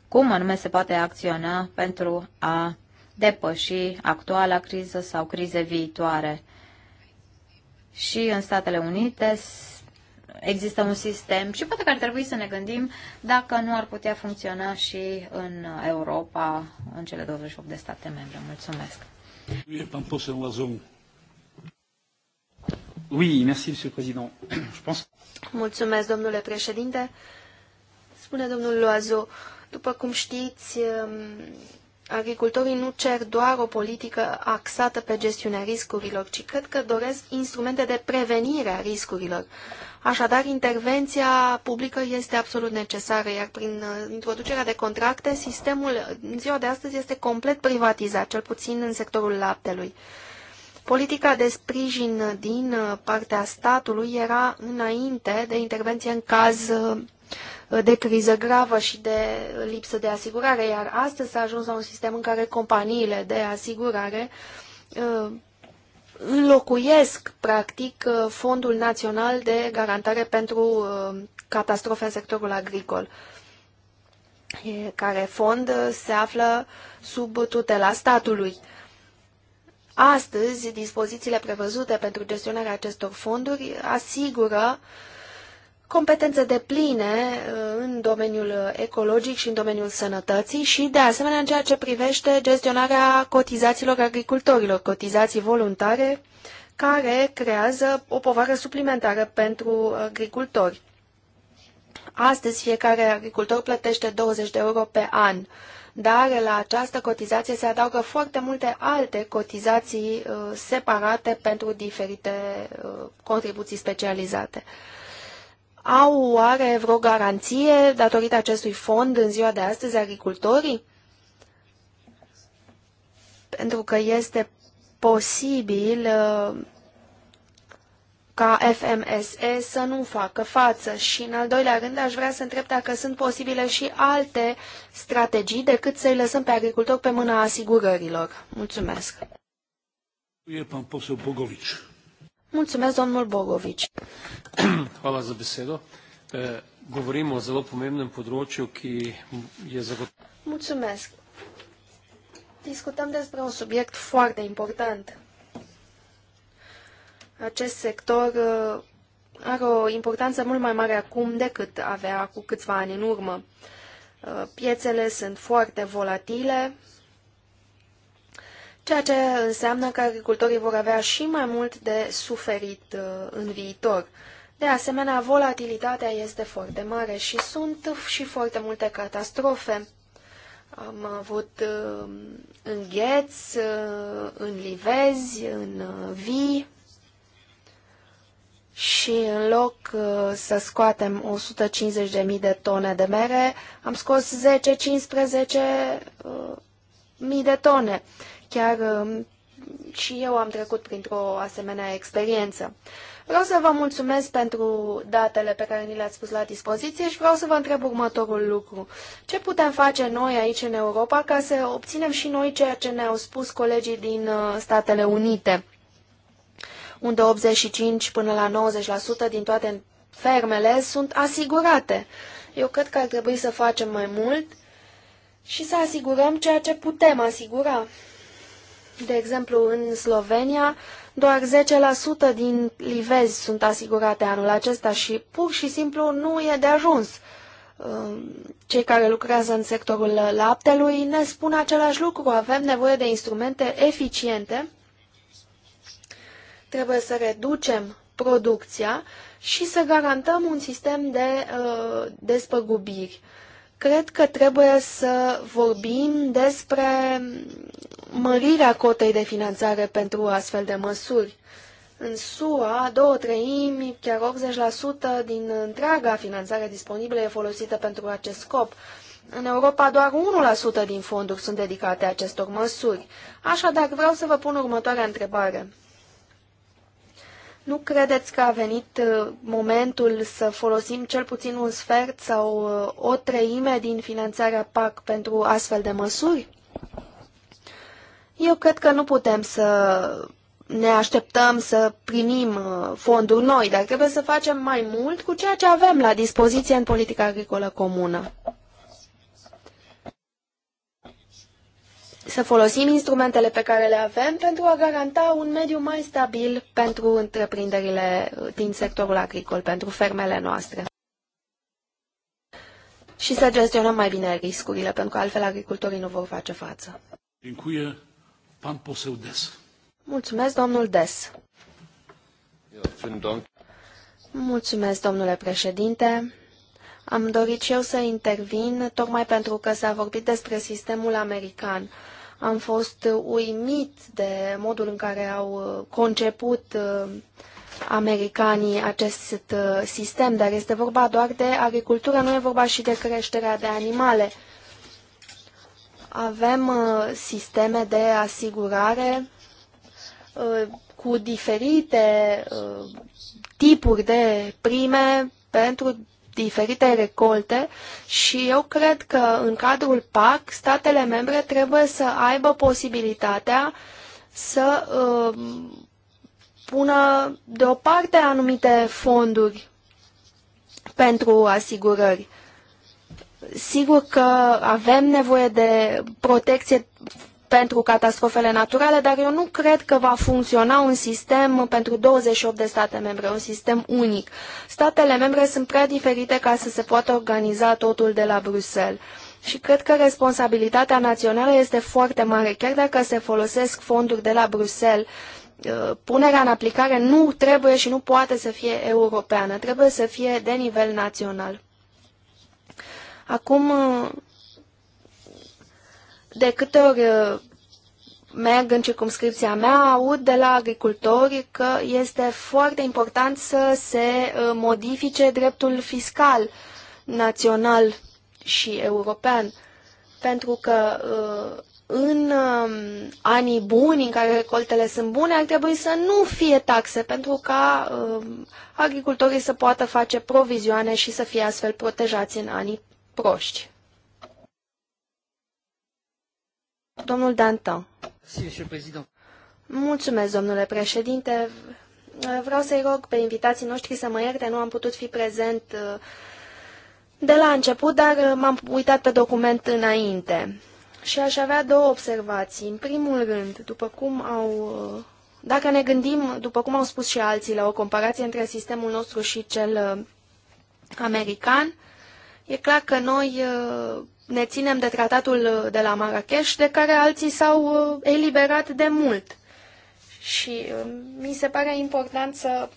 cum anume se poate acționa pentru a depăși actuala criză sau crize viitoare. Și în Statele Unite există un sistem și poate că ar trebui să ne gândim dacă nu ar putea funcționa și în Europa, în cele 28 de state membre. Mulțumesc! Oui, merci, monsieur le président. Je pense... Mulțumesc, domnule președinte. Spune domnul Loazo, după cum știți, um, agricultorii nu cer doar o politică axată pe gestiunea riscurilor, ci cred că doresc instrumente de prevenire a riscurilor. Așadar, intervenția publică este absolut necesară, iar prin uh, introducerea de contracte, sistemul în ziua de astăzi este complet privatizat, cel puțin în sectorul laptelui. Politica de sprijin din uh, partea statului era înainte de intervenție în caz uh, de criză gravă și de lipsă de asigurare, iar astăzi s-a ajuns la un sistem în care companiile de asigurare înlocuiesc, practic, uh, Fondul Național de Garantare pentru uh, Catastrofe în sectorul agricol, care fond uh, se află sub tutela statului. Astăzi, dispozițiile prevăzute pentru gestionarea acestor fonduri asigură uh, competențe de pline uh, în domeniul ecologic și în domeniul sănătății și, de asemenea, în ceea ce privește gestionarea cotizațiilor agricultorilor, cotizații voluntare care creează o povară suplimentară pentru agricultori. Astăzi fiecare agricultor plătește 20 de euro pe an, dar la această cotizație se adaugă foarte multe alte cotizații uh, separate pentru diferite uh, contribuții specializate. Au oare vreo garanție datorită acestui fond în ziua de astăzi agricultorii? Pentru că este posibil uh, ca FMSE să nu facă față. Și în al doilea rând aș vrea să întreb dacă sunt posibile și alte strategii decât să-i lăsăm pe agricultori pe mâna asigurărilor. Mulțumesc. Mulțumesc, domnul Bogovici. Hvala za besedo. Govorim o zelo pomembnem področju, ki je zagotovo. Mulțumesc. Discutăm despre un subiect foarte important. Acest sector are o importanță mult mai mare acum decât avea cu câțiva ani în urmă. Piețele sunt foarte volatile, ceea ce înseamnă că agricultorii vor avea și mai mult de suferit uh, în viitor. De asemenea, volatilitatea este foarte mare și sunt și foarte multe catastrofe. Am avut uh, în gheți, uh, în livezi, în vii și în loc să scoatem 150.000 de tone de mere, am scos 10-15.000 de tone. Chiar um, și eu am trecut printr-o asemenea experiență. Vreau să vă mulțumesc pentru datele pe care ni le-ați pus la dispoziție și vreau să vă întreb următorul lucru. Ce putem face noi aici în Europa ca să obținem și noi ceea ce ne-au spus colegii din uh, Statele Unite, unde 85 până la 90% din toate fermele sunt asigurate. Eu cred că ar trebui să facem mai mult și să asigurăm ceea ce putem asigura. De exemplu, în Slovenia, doar 10% din livezi sunt asigurate anul acesta și pur și simplu nu e de ajuns. Um, cei care lucrează în sectorul laptelui ne spun același lucru. Avem nevoie de instrumente eficiente, trebuie să reducem producția și să garantăm un sistem de uh, despăgubiri. Uh, Cred că trebuie să vorbim despre mărirea cotei de finanțare pentru astfel de măsuri. În SUA, două treimi, chiar 80% din întreaga finanțare disponibilă e folosită pentru acest scop. În Europa, doar 1% din fonduri sunt dedicate acestor măsuri. Așadar, vreau să vă pun următoarea întrebare. Nu credeți că a venit uh, momentul să folosim cel puțin un sfert sau uh, o treime din finanțarea PAC pentru astfel de măsuri? Eu cred că nu putem să ne așteptăm să primim uh, fonduri noi, dar trebuie să facem mai mult cu ceea ce avem la dispoziție în politica agricolă comună. să folosim instrumentele pe care le avem pentru a garanta un mediu mai stabil pentru întreprinderile din sectorul agricol, pentru fermele noastre. Și să gestionăm mai bine riscurile, pentru că altfel agricultorii nu vor face față. Mulțumesc, domnul Des. Mulțumesc, domnule președinte. Am dorit și eu să intervin, tocmai pentru că s-a vorbit despre sistemul american. Am fost uimit de modul în care au conceput uh, americanii acest uh, sistem, dar este vorba doar de agricultură, nu e vorba și de creșterea de animale. Avem uh, sisteme de asigurare cu diferite tipuri de prime pentru diferite recolte și eu cred că în cadrul PAC statele membre trebuie să aibă posibilitatea să uh, pună deoparte anumite fonduri pentru asigurări. Sigur că avem nevoie de protecție pentru catastrofele naturale, dar eu nu cred că va funcționa un sistem pentru 28 de state membre, un sistem unic. Statele membre sunt prea diferite ca să se poată organiza totul de la Bruxelles. Și cred că responsabilitatea națională este foarte mare, chiar dacă se folosesc fonduri de la Bruxelles. Uh, punerea în aplicare nu trebuie și nu poate să fie europeană, trebuie să fie de nivel național. Acum, uh, de câte ori uh, merg în circumscripția mea, aud de la agricultori că este foarte important să se uh, modifice dreptul fiscal național și european, pentru că uh, în um, anii buni în care recoltele sunt bune, ar trebui să nu fie taxe, pentru ca um, agricultorii să poată face provizioane și să fie astfel protejați în anii proști. Domnul Danton. Mulțumesc, domnule președinte. Vreau să-i rog pe invitații noștri să mă ierte, nu am putut fi prezent uh, de la început, dar uh, m-am uitat pe document înainte. Și aș avea două observații. În primul rând, după cum au... Uh, dacă ne gândim, după cum au spus și alții, la o comparație între sistemul nostru și cel american, e clar că noi ne ținem de tratatul uh, de la Marrakesh, de care alții s-au uh, eliberat de mult. Și uh, mi se pare important să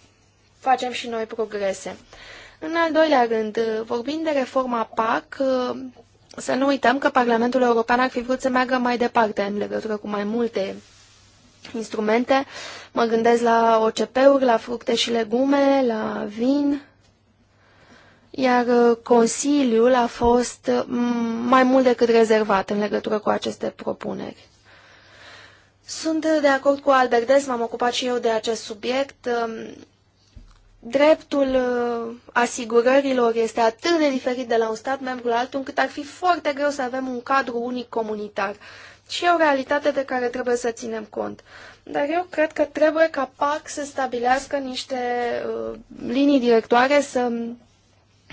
facem și noi progrese. În al doilea rând, vorbind de reforma PAC, să nu uităm că Parlamentul European ar fi vrut să meargă mai departe în legătură cu mai multe instrumente. Mă gândesc la OCP-uri, la fructe și legume, la vin, iar uh, Consiliul a fost uh, mai mult decât rezervat în legătură cu aceste propuneri. Sunt uh, de acord cu Albert Des, m-am ocupat și eu de acest subiect. Um, dreptul asigurărilor este atât de diferit de la un stat membru la altul, încât ar fi foarte greu să avem un cadru unic comunitar. Și e o realitate de care trebuie să ținem cont. Dar eu cred că trebuie ca PAC să stabilească niște uh, linii directoare, să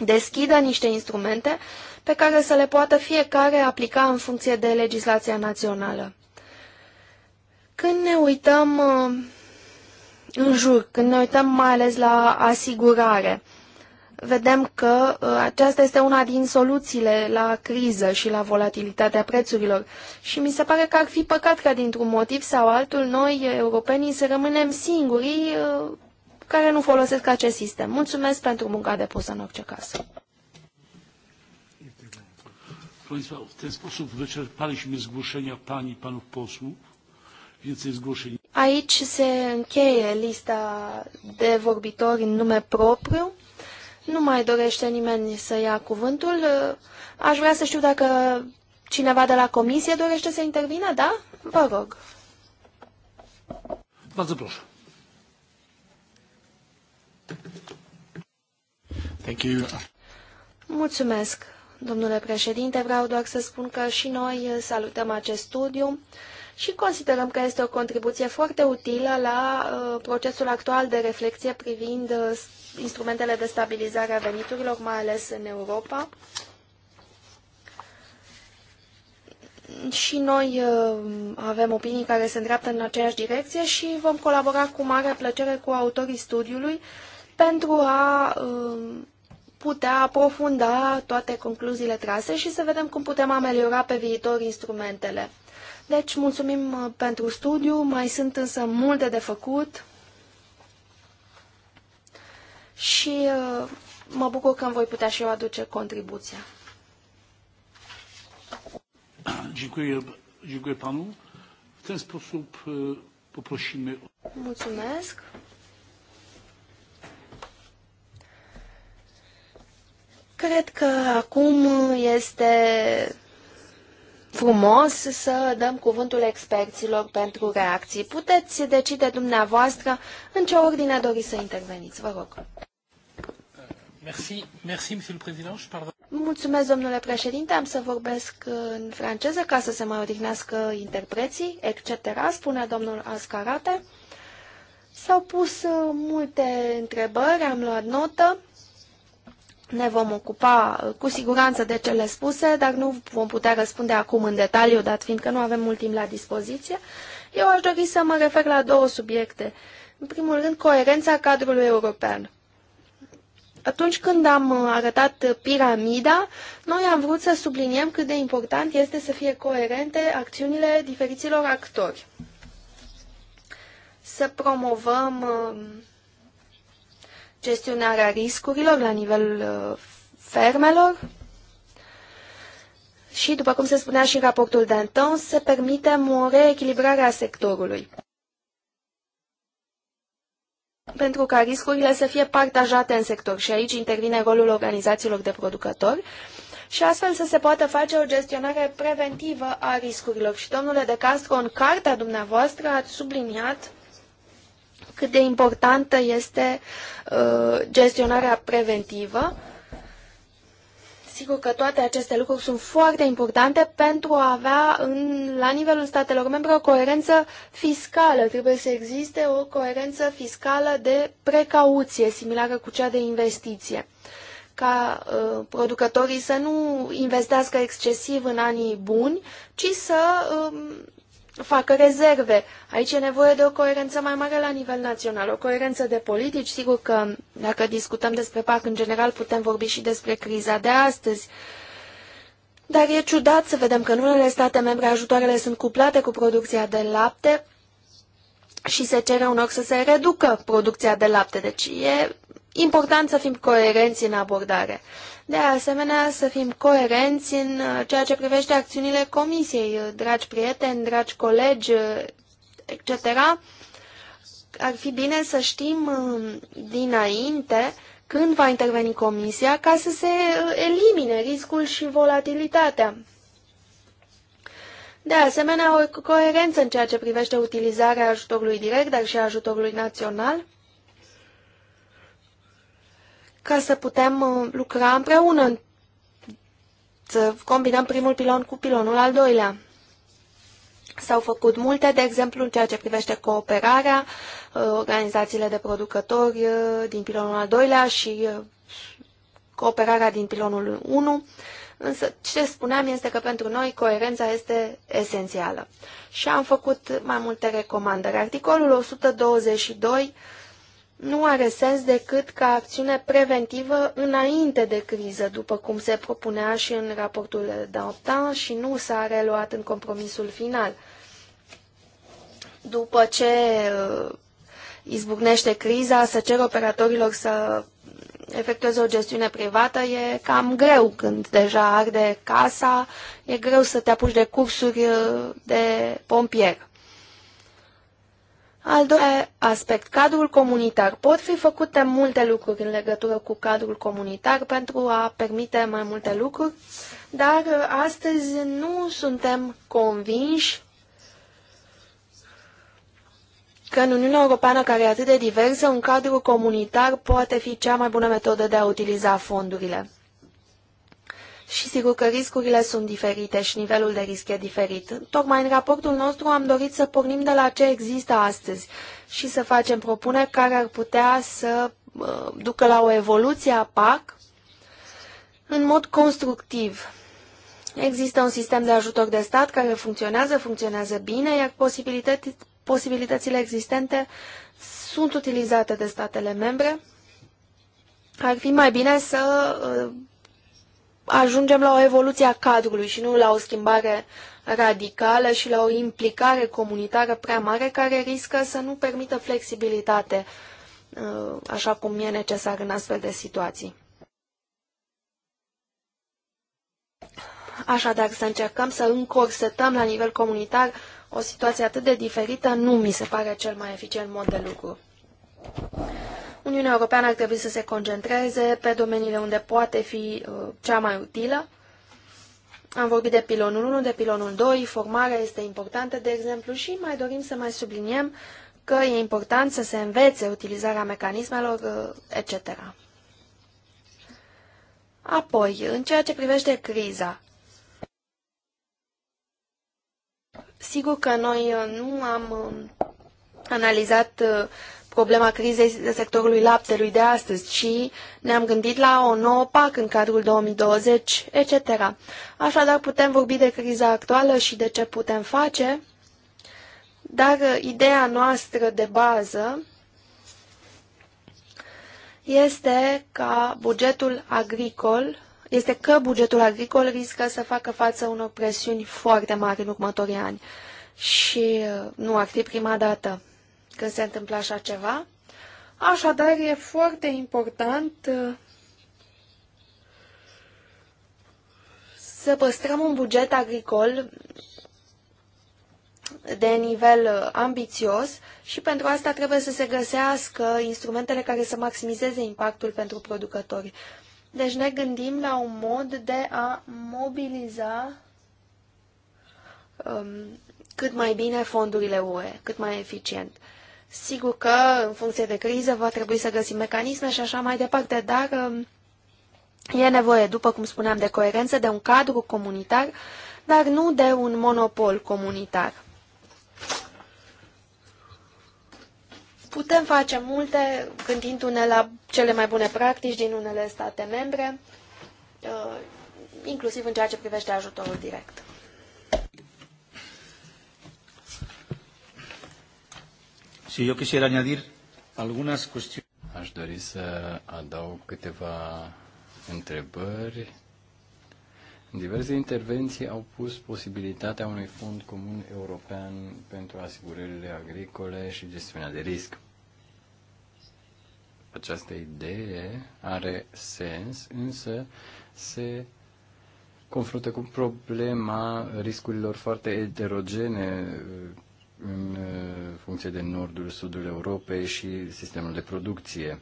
deschidă niște instrumente pe care să le poată fiecare aplica în funcție de legislația națională. Când ne uităm uh, în jur, când ne uităm mai ales la asigurare, vedem că uh, aceasta este una din soluțiile la criză și la volatilitatea prețurilor. Și mi se pare că ar fi păcat ca dintr-un motiv sau altul noi, europenii, să rămânem singurii uh, care nu folosesc acest sistem. Mulțumesc pentru munca depusă în orice caz. Aici se încheie lista de vorbitori în nume propriu. Nu mai dorește nimeni să ia cuvântul. Aș vrea să știu dacă cineva de la comisie dorește să intervină, da? Vă rog. Bardzo proszę. Thank you. Mulțumesc, domnule președinte. Vreau doar să spun că și noi salutăm acest studiu și considerăm că este o contribuție foarte utilă la uh, procesul actual de reflexie privind uh, instrumentele de stabilizare a veniturilor, mai ales în Europa. și noi uh, avem opinii care se îndreaptă în aceeași direcție și vom colabora cu mare plăcere cu autorii studiului pentru a um, putea aprofunda toate concluziile trase și să vedem cum putem ameliora pe viitor instrumentele. Deci, mulțumim uh, pentru studiu, mai sunt însă multe de făcut și uh, mă bucur că îmi voi putea și eu aduce contribuția. panu. Mulțumesc. Cred că acum este frumos să dăm cuvântul experților pentru reacții. Puteți decide dumneavoastră în ce ordine doriți să interveniți. Vă rog. Merci, merci, monsieur le président. Je parle... Mulțumesc, domnule președinte. Am să vorbesc în franceză ca să se mai odihnească interpreții, etc., spune domnul Ascarate. S-au pus multe întrebări, am luat notă. Ne vom ocupa uh, cu siguranță de cele spuse, dar nu vom putea răspunde acum în detaliu, dat fiindcă nu avem mult timp la dispoziție. Eu aș dori să mă refer la două subiecte. În primul rând, coerența cadrului european. Atunci când am uh, arătat piramida, noi am vrut să subliniem cât de important este să fie coerente acțiunile diferiților actori. Să promovăm um, gestionarea riscurilor la nivelul uh, fermelor. Și, după cum se spunea și în raportul Anton, se permite o reechilibrare a sectorului pentru ca riscurile să fie partajate în sector și aici intervine rolul organizațiilor de producători și astfel să se poată face o gestionare preventivă a riscurilor. Și domnule De Castro, în cartea dumneavoastră ați subliniat cât de importantă este uh, gestionarea preventivă. Sigur că toate aceste lucruri sunt foarte importante pentru a avea în, la nivelul statelor membre o coerență fiscală. Trebuie să existe o coerență fiscală de precauție, similară cu cea de investiție ca uh, producătorii să nu investească excesiv în anii buni, ci să uh, facă rezerve. Aici e nevoie de o coerență mai mare la nivel național, o coerență de politici. Sigur că dacă discutăm despre PAC în general, putem vorbi și despre criza de astăzi. Dar e ciudat să vedem că în unele state membre ajutoarele sunt cuplate cu producția de lapte și se cere unor să se reducă producția de lapte. Deci e important să fim coerenți în abordare. De asemenea, să fim coerenți în uh, ceea ce privește acțiunile comisiei, uh, dragi prieteni, dragi colegi, uh, etc. Ar fi bine să știm dinainte când va interveni comisia ca să se elimine riscul și volatilitatea. De asemenea, o coerență în ceea ce privește utilizarea ajutorului direct, dar și ajutorului național ca să putem uh, lucra împreună, să combinăm primul pilon cu pilonul al doilea. S-au făcut multe, de exemplu, în ceea ce privește cooperarea, uh, organizațiile de producători uh, din pilonul al doilea și cooperarea din pilonul 1, însă ce spuneam este că pentru noi coerența este esențială. Și am făcut mai multe recomandări. Articolul 122 nu are sens decât ca acțiune preventivă înainte de criză, după cum se propunea și în raportul Dantin și nu s-a reluat în compromisul final. După ce uh, izbucnește criza, să cer operatorilor să efectueze o gestiune privată e cam greu când deja arde casa, e greu să te apuci de cursuri uh, de pompier. Al doilea aspect, cadrul comunitar. Pot fi făcute multe lucruri în legătură cu cadrul comunitar pentru a permite mai multe lucruri, dar uh, astăzi nu suntem convinși că în Uniunea Europeană, care e atât de diversă, un cadru comunitar poate fi cea mai bună metodă de a utiliza fondurile și sigur că riscurile sunt diferite și nivelul de risc e diferit. Tocmai în raportul nostru am dorit să pornim de la ce există astăzi și să facem propuneri care ar putea să uh, ducă la o evoluție a PAC în mod constructiv. Există un sistem de ajutor de stat care funcționează, funcționează bine, iar posibilități, posibilitățile existente sunt utilizate de statele membre. Ar fi mai bine să uh, ajungem la o evoluție a cadrului și nu la o schimbare radicală și la o implicare comunitară prea mare care riscă să nu permită flexibilitate uh, așa cum e necesar în astfel de situații. Așadar, să încercăm să încorsetăm la nivel comunitar o situație atât de diferită nu mi se pare cel mai eficient mod de lucru. Uniunea Europeană ar trebui să se concentreze pe domeniile unde poate fi uh, cea mai utilă. Am vorbit de pilonul 1, de pilonul 2, formarea este importantă, de exemplu, și mai dorim să mai subliniem că e important să se învețe utilizarea mecanismelor, uh, etc. Apoi, în ceea ce privește criza, sigur că noi uh, nu am analizat problema crizei sectorului laptelui de astăzi, ci ne-am gândit la o nouă PAC în cadrul 2020, etc. Așadar, putem vorbi de criza actuală și de ce putem face, dar ideea noastră de bază este ca bugetul agricol este că bugetul agricol riscă să facă față unor presiuni foarte mari în următorii ani. Și uh, nu ar fi prima dată când se întâmplă așa ceva. Așadar, e foarte important uh, să păstrăm un buget agricol de nivel uh, ambițios și pentru asta trebuie să se găsească instrumentele care să maximizeze impactul pentru producători. Deci ne gândim la un mod de a mobiliza um, cât mai bine fondurile UE, cât mai eficient. Sigur că, în funcție de criză, va trebui să găsim mecanisme și așa mai departe, dar um, e nevoie, după cum spuneam, de coerență, de un cadru comunitar, dar nu de un monopol comunitar. Putem face multe gândindu-ne la cele mai bune practici din unele state membre, uh, inclusiv în ceea ce privește ajutorul direct. quisiera añadir algunas cuestiones. Aș dori să adaug câteva întrebări. Diverse intervenții au pus posibilitatea unui fond comun european pentru asigurările agricole și gestiunea de risc. Această idee are sens, însă se confruntă cu problema riscurilor foarte heterogene în uh, funcție de nordul, sudul Europei și sistemul de producție.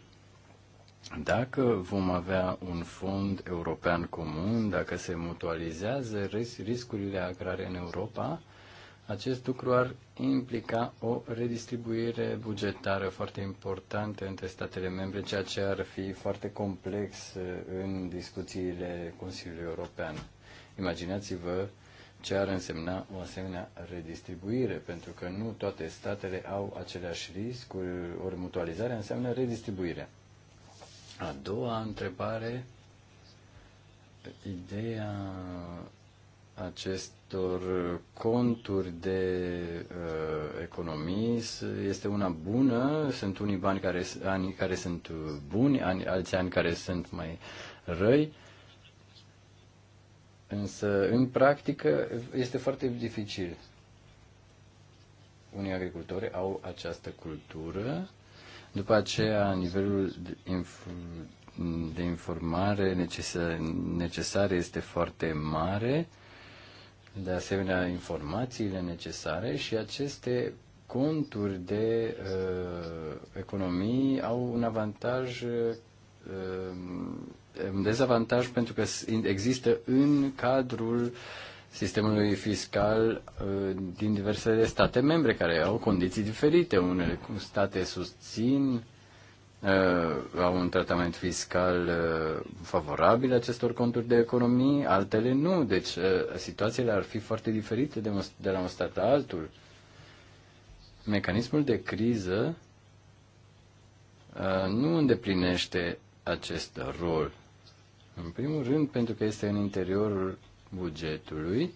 Dacă vom avea un fond european comun, dacă se mutualizează riscurile agrare în Europa, acest lucru ar implica o redistribuire bugetară foarte importantă între statele membre, ceea ce ar fi foarte complex uh, în discuțiile Consiliului European. Imaginați-vă ce ar însemna o asemenea redistribuire, pentru că nu toate statele au aceleași riscuri, ori mutualizarea înseamnă redistribuire A doua întrebare, ideea acestor conturi de uh, economii este una bună. Sunt unii bani care, ani care sunt buni, ani, alții ani care sunt mai răi. Uh, Însă, în practică, este foarte dificil. Unii agricultori au această cultură, după aceea nivelul de, inf- de informare necesar, necesar este foarte mare, de asemenea informațiile necesare și aceste conturi de uh, economii au un avantaj uh, un um, dezavantaj pentru că există în cadrul sistemului fiscal uh, din diversele state membre care au condiții diferite. Unele state susțin uh, au un tratament fiscal uh, favorabil acestor conturi de economii, altele nu. Deci situațiile ar fi foarte diferite de, la un stat la altul. Mecanismul de criză nu îndeplinește acest rol. În primul rând, pentru că este în interiorul bugetului,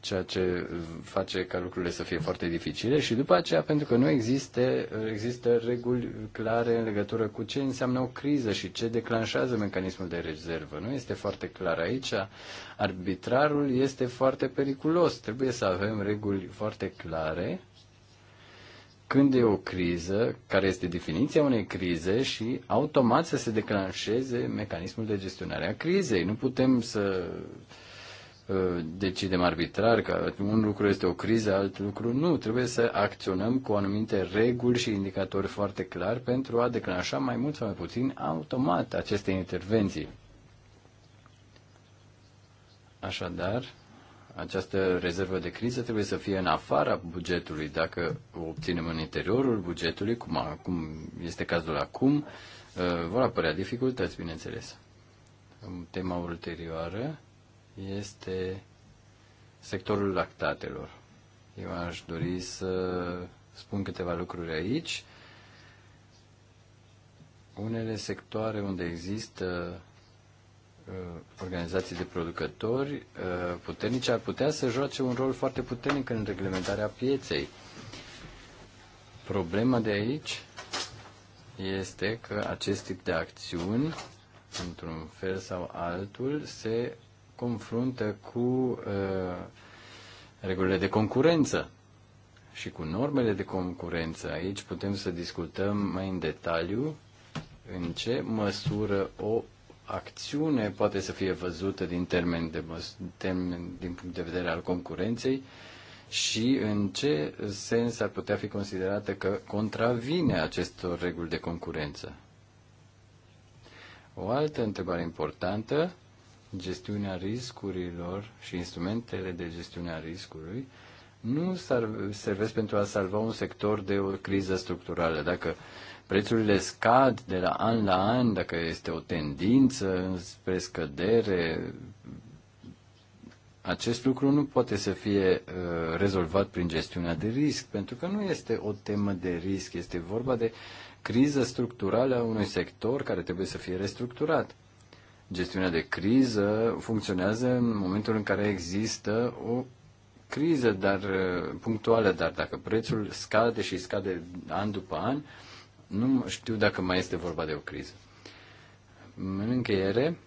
ceea ce face ca lucrurile să fie foarte dificile și după aceea pentru că nu existe, există reguli clare în legătură cu ce înseamnă o criză și ce declanșează mecanismul de rezervă. Nu este foarte clar aici. Arbitrarul este foarte periculos. Trebuie să avem reguli foarte clare când e o criză, care este definiția unei crize și automat să se declanșeze mecanismul de gestionare a crizei. Nu putem să uh, decidem arbitrar că un lucru este o criză, alt lucru nu. Trebuie să acționăm cu anumite reguli și indicatori foarte clari pentru a declanșa mai mult sau mai puțin automat aceste intervenții. Așadar, această rezervă de criză trebuie să fie în afara bugetului. Dacă o obținem în interiorul bugetului, cum, cum este cazul acum, uh, vor apărea dificultăți, bineînțeles. Tema ulterioară este sectorul lactatelor. Eu aș dori să spun câteva lucruri aici. Unele sectoare unde există Uh, organizații de producători uh, puternice ar putea să joace un rol foarte puternic în reglementarea pieței. Problema de aici este că acest tip de acțiuni, într-un fel sau altul, se confruntă cu uh, regulile de concurență și cu normele de concurență. Aici putem să discutăm mai în detaliu în ce măsură o acțiune poate să fie văzută din termen, de, termen din punct de vedere al concurenței și în ce sens ar putea fi considerată că contravine acestor reguli de concurență. O altă întrebare importantă, gestiunea riscurilor și instrumentele de gestiune a riscului, nu servesc pentru a salva un sector de o criză structurală. Dacă uh, prețurile scad de la an la an, dacă este o tendință spre scădere, acest lucru nu poate să fie uh, rezolvat prin gestiunea de risc, pentru că nu este o temă de risc, este vorba de criză structurală a unui sector care trebuie să fie restructurat. Gestiunea de criză funcționează în momentul în care există o criză dar uh, punctuală, dar dacă prețul scade și scade an după an, uh, nu știu dacă mai este vorba de o criză. În încheiere,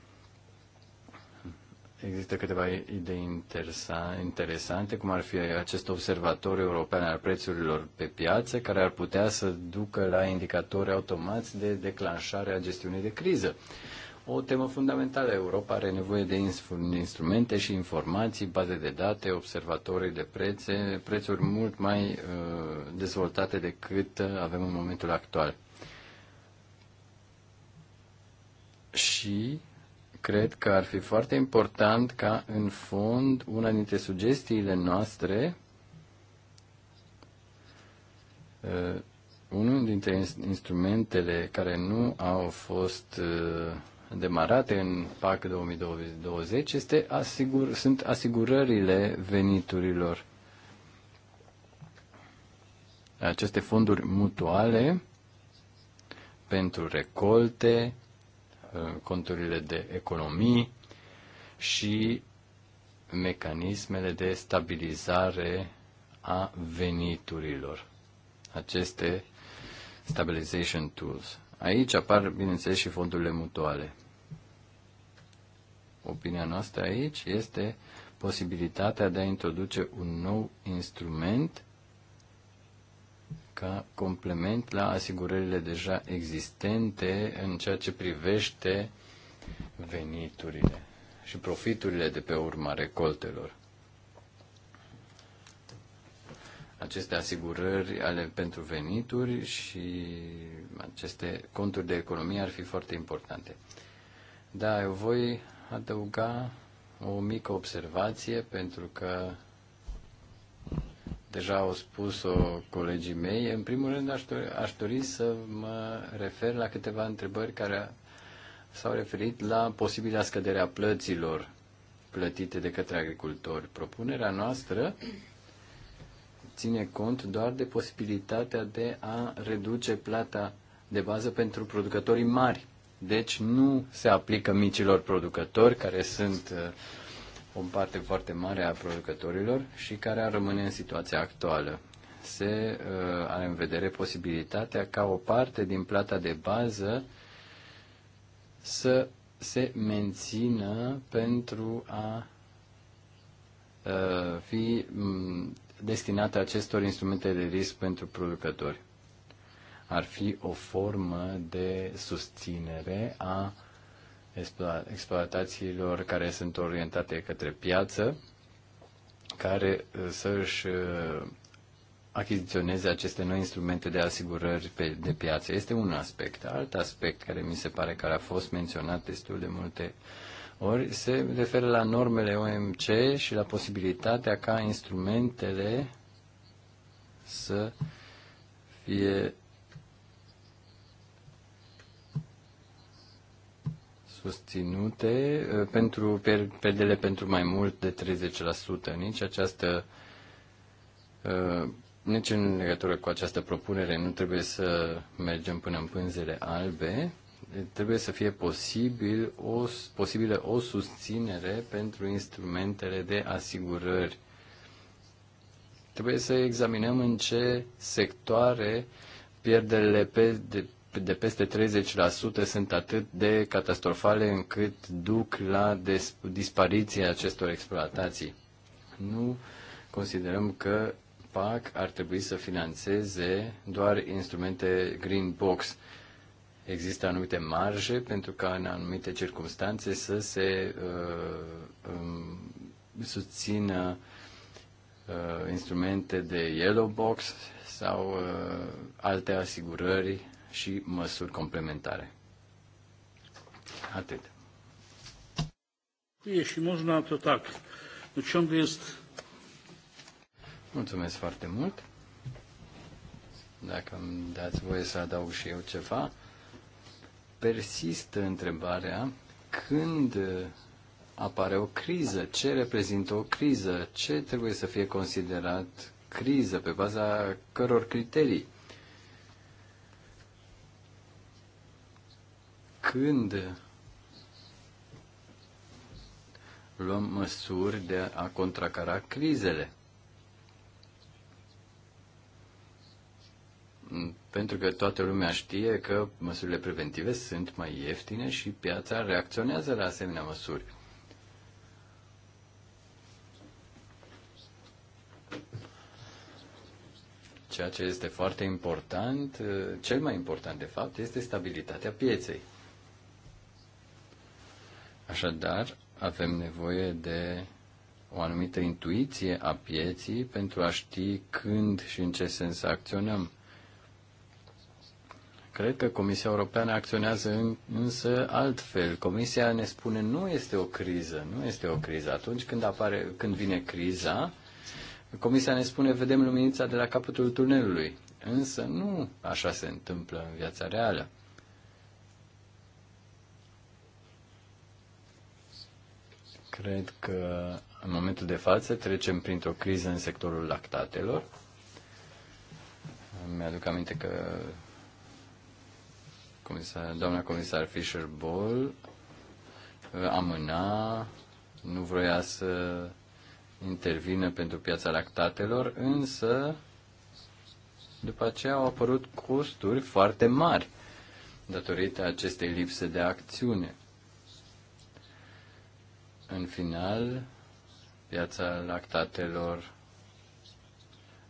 există câteva idei interesa, interesante, cum ar fi acest observator european al prețurilor pe piață, care ar putea să ducă la indicatori automați de declanșare a gestiunii de criză o temă fundamentală. Europa are nevoie de instrumente și informații, baze de date, observatorii de prețe, prețuri mult mai uh, dezvoltate decât uh, avem în momentul actual. Și cred că ar fi foarte important ca în fond una dintre sugestiile noastre uh, unul dintre instrumentele care nu au fost uh, demarate în PAC 2020 este asigur, sunt asigurările veniturilor. Aceste fonduri mutuale pentru recolte, uh, conturile de economii și mecanismele de stabilizare a veniturilor. Aceste stabilization tools. Aici apar, bineînțeles, și fondurile mutuale. Opinia noastră aici este posibilitatea de a introduce un nou instrument ca complement la asigurările deja existente în ceea ce privește veniturile și profiturile de pe urma recoltelor. aceste asigurări ale pentru venituri și aceste conturi de economie ar fi foarte importante. Da, eu voi adăuga o mică observație pentru că deja au spus-o colegii mei. În primul rând aș dori, aș dori să mă refer la câteva întrebări care s-au referit la posibilă scăderea plăților plătite de către agricultori. Propunerea noastră ține cont doar de posibilitatea de a reduce plata de bază pentru producătorii mari. Deci nu se aplică micilor producători, care sunt uh, o parte foarte mare a producătorilor și care ar rămâne în situația actuală. Se uh, are în vedere posibilitatea ca o parte din plata de bază să se mențină pentru a uh, fi destinate acestor instrumente de risc pentru producători. Ar fi o formă de susținere a exploatațiilor care sunt orientate către piață, care uh, să își uh, achiziționeze aceste noi instrumente de asigurări pe, de piață. Este un aspect. Alt aspect care mi se pare că a fost menționat destul de multe uh, ori se referă la normele OMC și la posibilitatea ca instrumentele să fie susținute uh, pentru pedele pentru mai mult de 30%. Nici această uh, nici în legătură cu această propunere nu trebuie să mergem până în pânzele albe, trebuie să fie posibil o, posibilă o susținere pentru instrumentele de asigurări. Trebuie să examinăm în ce sectoare pierderile pe, de, de peste 30% sunt atât de catastrofale încât duc la des, dispariția acestor exploatații. Nu considerăm că PAC ar trebui să financeze doar instrumente green box. Există anumite marje pentru ca în anumite circunstanțe să se uh, um, susțină uh, instrumente de yellow box sau uh, alte asigurări și măsuri complementare. Atât. E Jeśli można, tot tak. No unde deci, este? Mulțumesc foarte mult. Dacă îmi dați voie să adaug și eu ceva, persistă întrebarea când apare o criză, ce reprezintă o criză, ce trebuie să fie considerat criză, pe baza căror criterii. Când luăm măsuri de a contracara crizele pentru că toată lumea știe că măsurile preventive sunt mai ieftine și piața reacționează la asemenea măsuri. Ceea ce este foarte important, cel mai important de fapt, este stabilitatea pieței. Așadar, avem nevoie de o anumită intuiție a pieții pentru a ști când și în ce sens să acționăm. Cred că Comisia Europeană acționează în, însă altfel. Comisia ne spune nu este o criză, nu este o criză. Atunci când, apare, când vine criza, Comisia ne spune vedem luminița de la capătul tunelului. Însă nu așa se întâmplă în viața reală. Cred că în momentul de față trecem printr-o criză în sectorul lactatelor. Mi-aduc aminte că comisar, doamna comisar Fisher Ball uh, amâna, nu vroia să intervină pentru piața lactatelor, însă după aceea au apărut costuri foarte mari datorită acestei lipse de acțiune. În final, piața lactatelor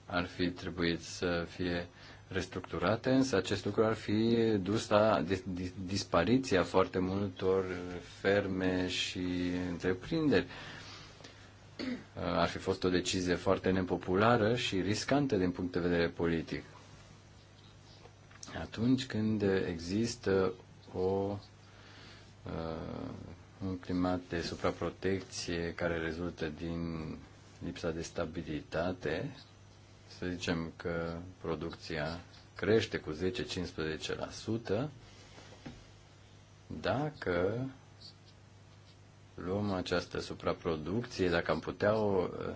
ar fi trebuit să fie restructurate, însă acest lucru ar fi dus la dispariția foarte multor ferme și întreprinderi. Uh, ar fi fost o decizie foarte nepopulară și riscantă din punct de vedere politic. Atunci când există o, uh, un climat de supraprotecție care rezultă din lipsa de stabilitate, să zicem că producția crește cu 10-15%, dacă luăm această supraproducție, dacă am putea o uh,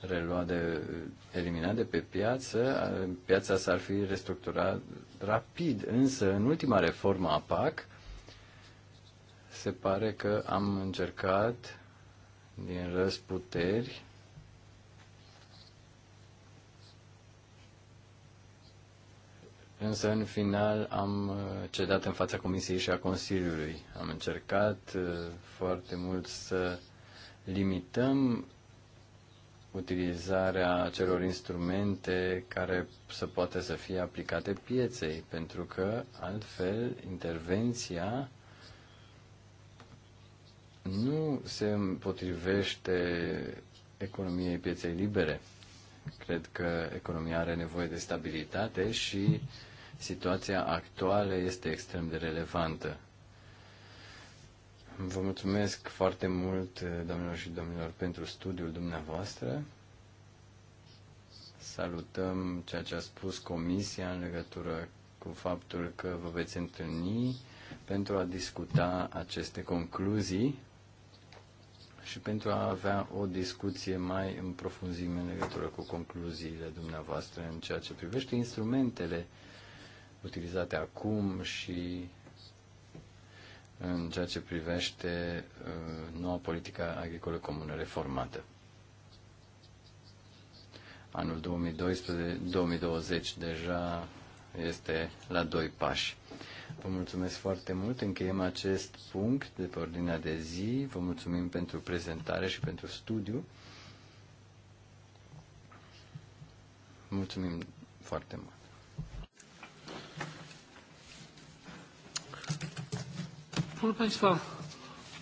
relua de, uh, elimina de pe piață, uh, piața s-ar fi restructurat rapid. Însă, în ultima reformă a PAC, se pare că am încercat din răsputeri însă în final am uh, cedat în fața Comisiei și a Consiliului. Am încercat uh, foarte mult să limităm utilizarea celor instrumente care să poată să fie aplicate pieței, pentru că altfel intervenția nu se împotrivește economiei pieței libere. Cred că economia are nevoie de stabilitate și uh, situația actuală este extrem de relevantă. Vă mulțumesc foarte mult, eh, domnilor și domnilor, pentru studiul dumneavoastră. Salutăm ceea ce a spus Comisia în legătură cu faptul că vă veți întâlni pentru a discuta aceste concluzii și pentru a avea o discuție mai în profunzime în legătură cu concluziile dumneavoastră în ceea ce privește instrumentele utilizate acum și în ceea ce privește uh, noua politică agricolă comună reformată. Anul 2012, 2020 deja este la doi pași. Vă mulțumesc foarte mult. Încheiem acest punct de pe ordinea de zi. Vă mulțumim pentru prezentare și pentru studiu. Mulțumim foarte mult. Proszę Państwa,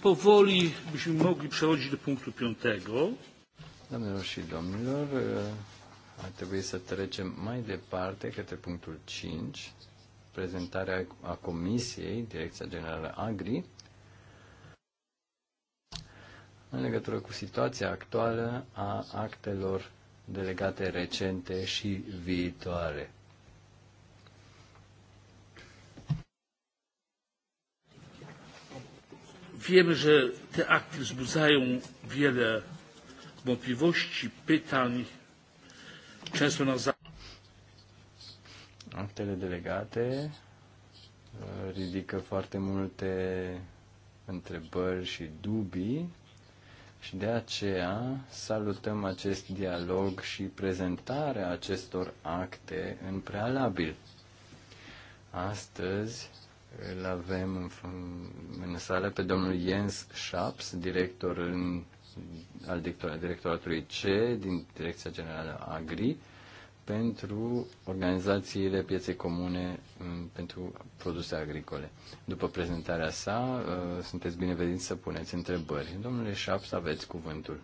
powoli byśmy mogli przechodzić do punktu piątego. Doamnelor și domnilor, eh, ar trebui să trecem mai departe către punctul 5, prezentarea a Comisiei, Direcția Generală Agri, în legătură cu situația actuală a actelor delegate recente și viitoare. wiemy, że te akty wzbudzają wiele wątpliwości, pytań, często nas Actele delegate ridică foarte multe întrebări și dubii și de aceea salutăm acest dialog și prezentarea acestor acte în prealabil. Astăzi îl avem în, în sală pe domnul Jens Schaps, director în, al directoratului C din Direcția Generală Agri pentru organizațiile pieței comune pentru produse agricole. După prezentarea sa, uh, sunteți bineveniți să puneți întrebări. Domnule Schaps, aveți cuvântul.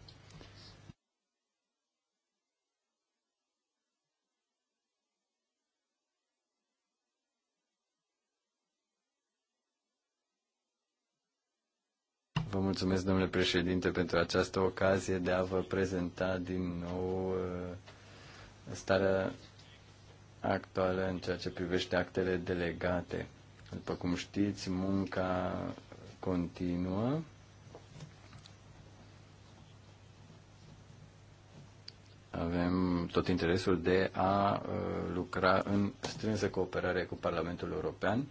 mulțumesc, domnule președinte, pentru această ocazie de a vă prezenta din nou uh, starea actuală în ceea ce privește actele delegate. După cum știți, munca continuă. Avem tot interesul de a uh, lucra în strânsă cooperare cu Parlamentul European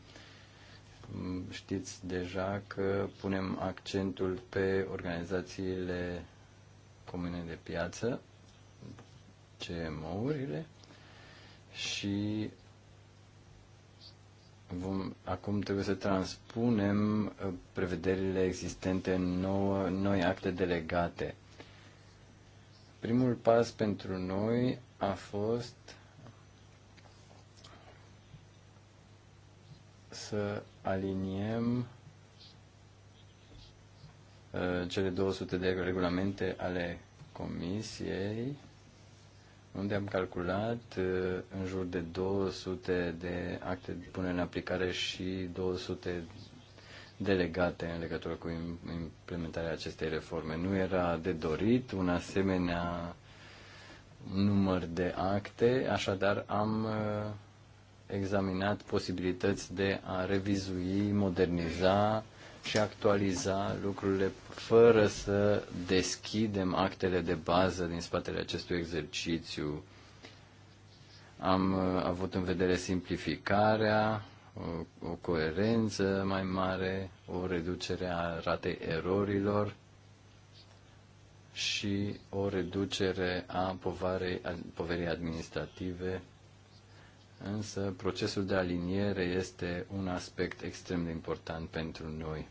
știți deja că punem accentul pe organizațiile comune de piață, CMO-urile, și vom, acum trebuie să transpunem uh, prevederile existente în nouă, noi acte delegate. Primul pas pentru noi a fost să aliniem uh, cele 200 de regulamente ale Comisiei, unde am calculat uh, în jur de 200 de acte de pune în aplicare și 200 delegate în legătură cu implementarea acestei reforme. Nu era de dorit un asemenea număr de acte, așadar am uh, examinat posibilități de a revizui, moderniza și actualiza lucrurile fără să deschidem actele de bază din spatele acestui exercițiu. Am uh, avut în vedere simplificarea, o, coerență mai mare, o reducere a ratei erorilor și o reducere a povarei, a poverii administrative însă procesul de aliniere este un aspect extrem de important pentru noi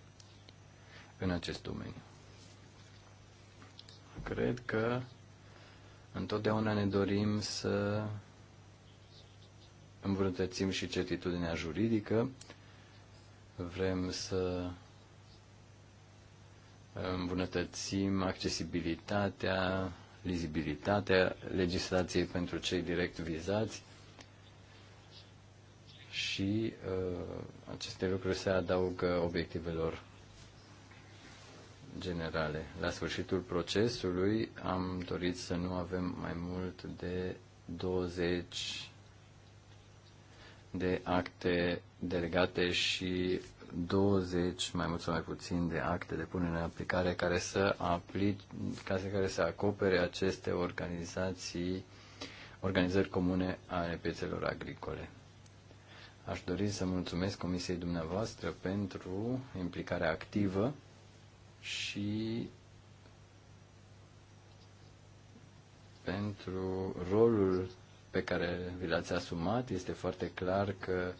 în acest domeniu. Cred că întotdeauna ne dorim să îmbunătățim și certitudinea juridică, vrem să îmbunătățim accesibilitatea, lizibilitatea legislației pentru cei direct vizați, și uh, aceste lucruri se adaugă obiectivelor generale. La sfârșitul procesului am dorit să nu avem mai mult de 20 de acte delegate și 20, mai mult sau mai puțin, de acte de punere în aplicare care să aplic, care să acopere aceste organizații, organizări comune ale piețelor agricole. Aș dori să mulțumesc Comisiei dumneavoastră pentru implicarea activă și pentru rolul pe care vi l-ați asumat. Este foarte clar că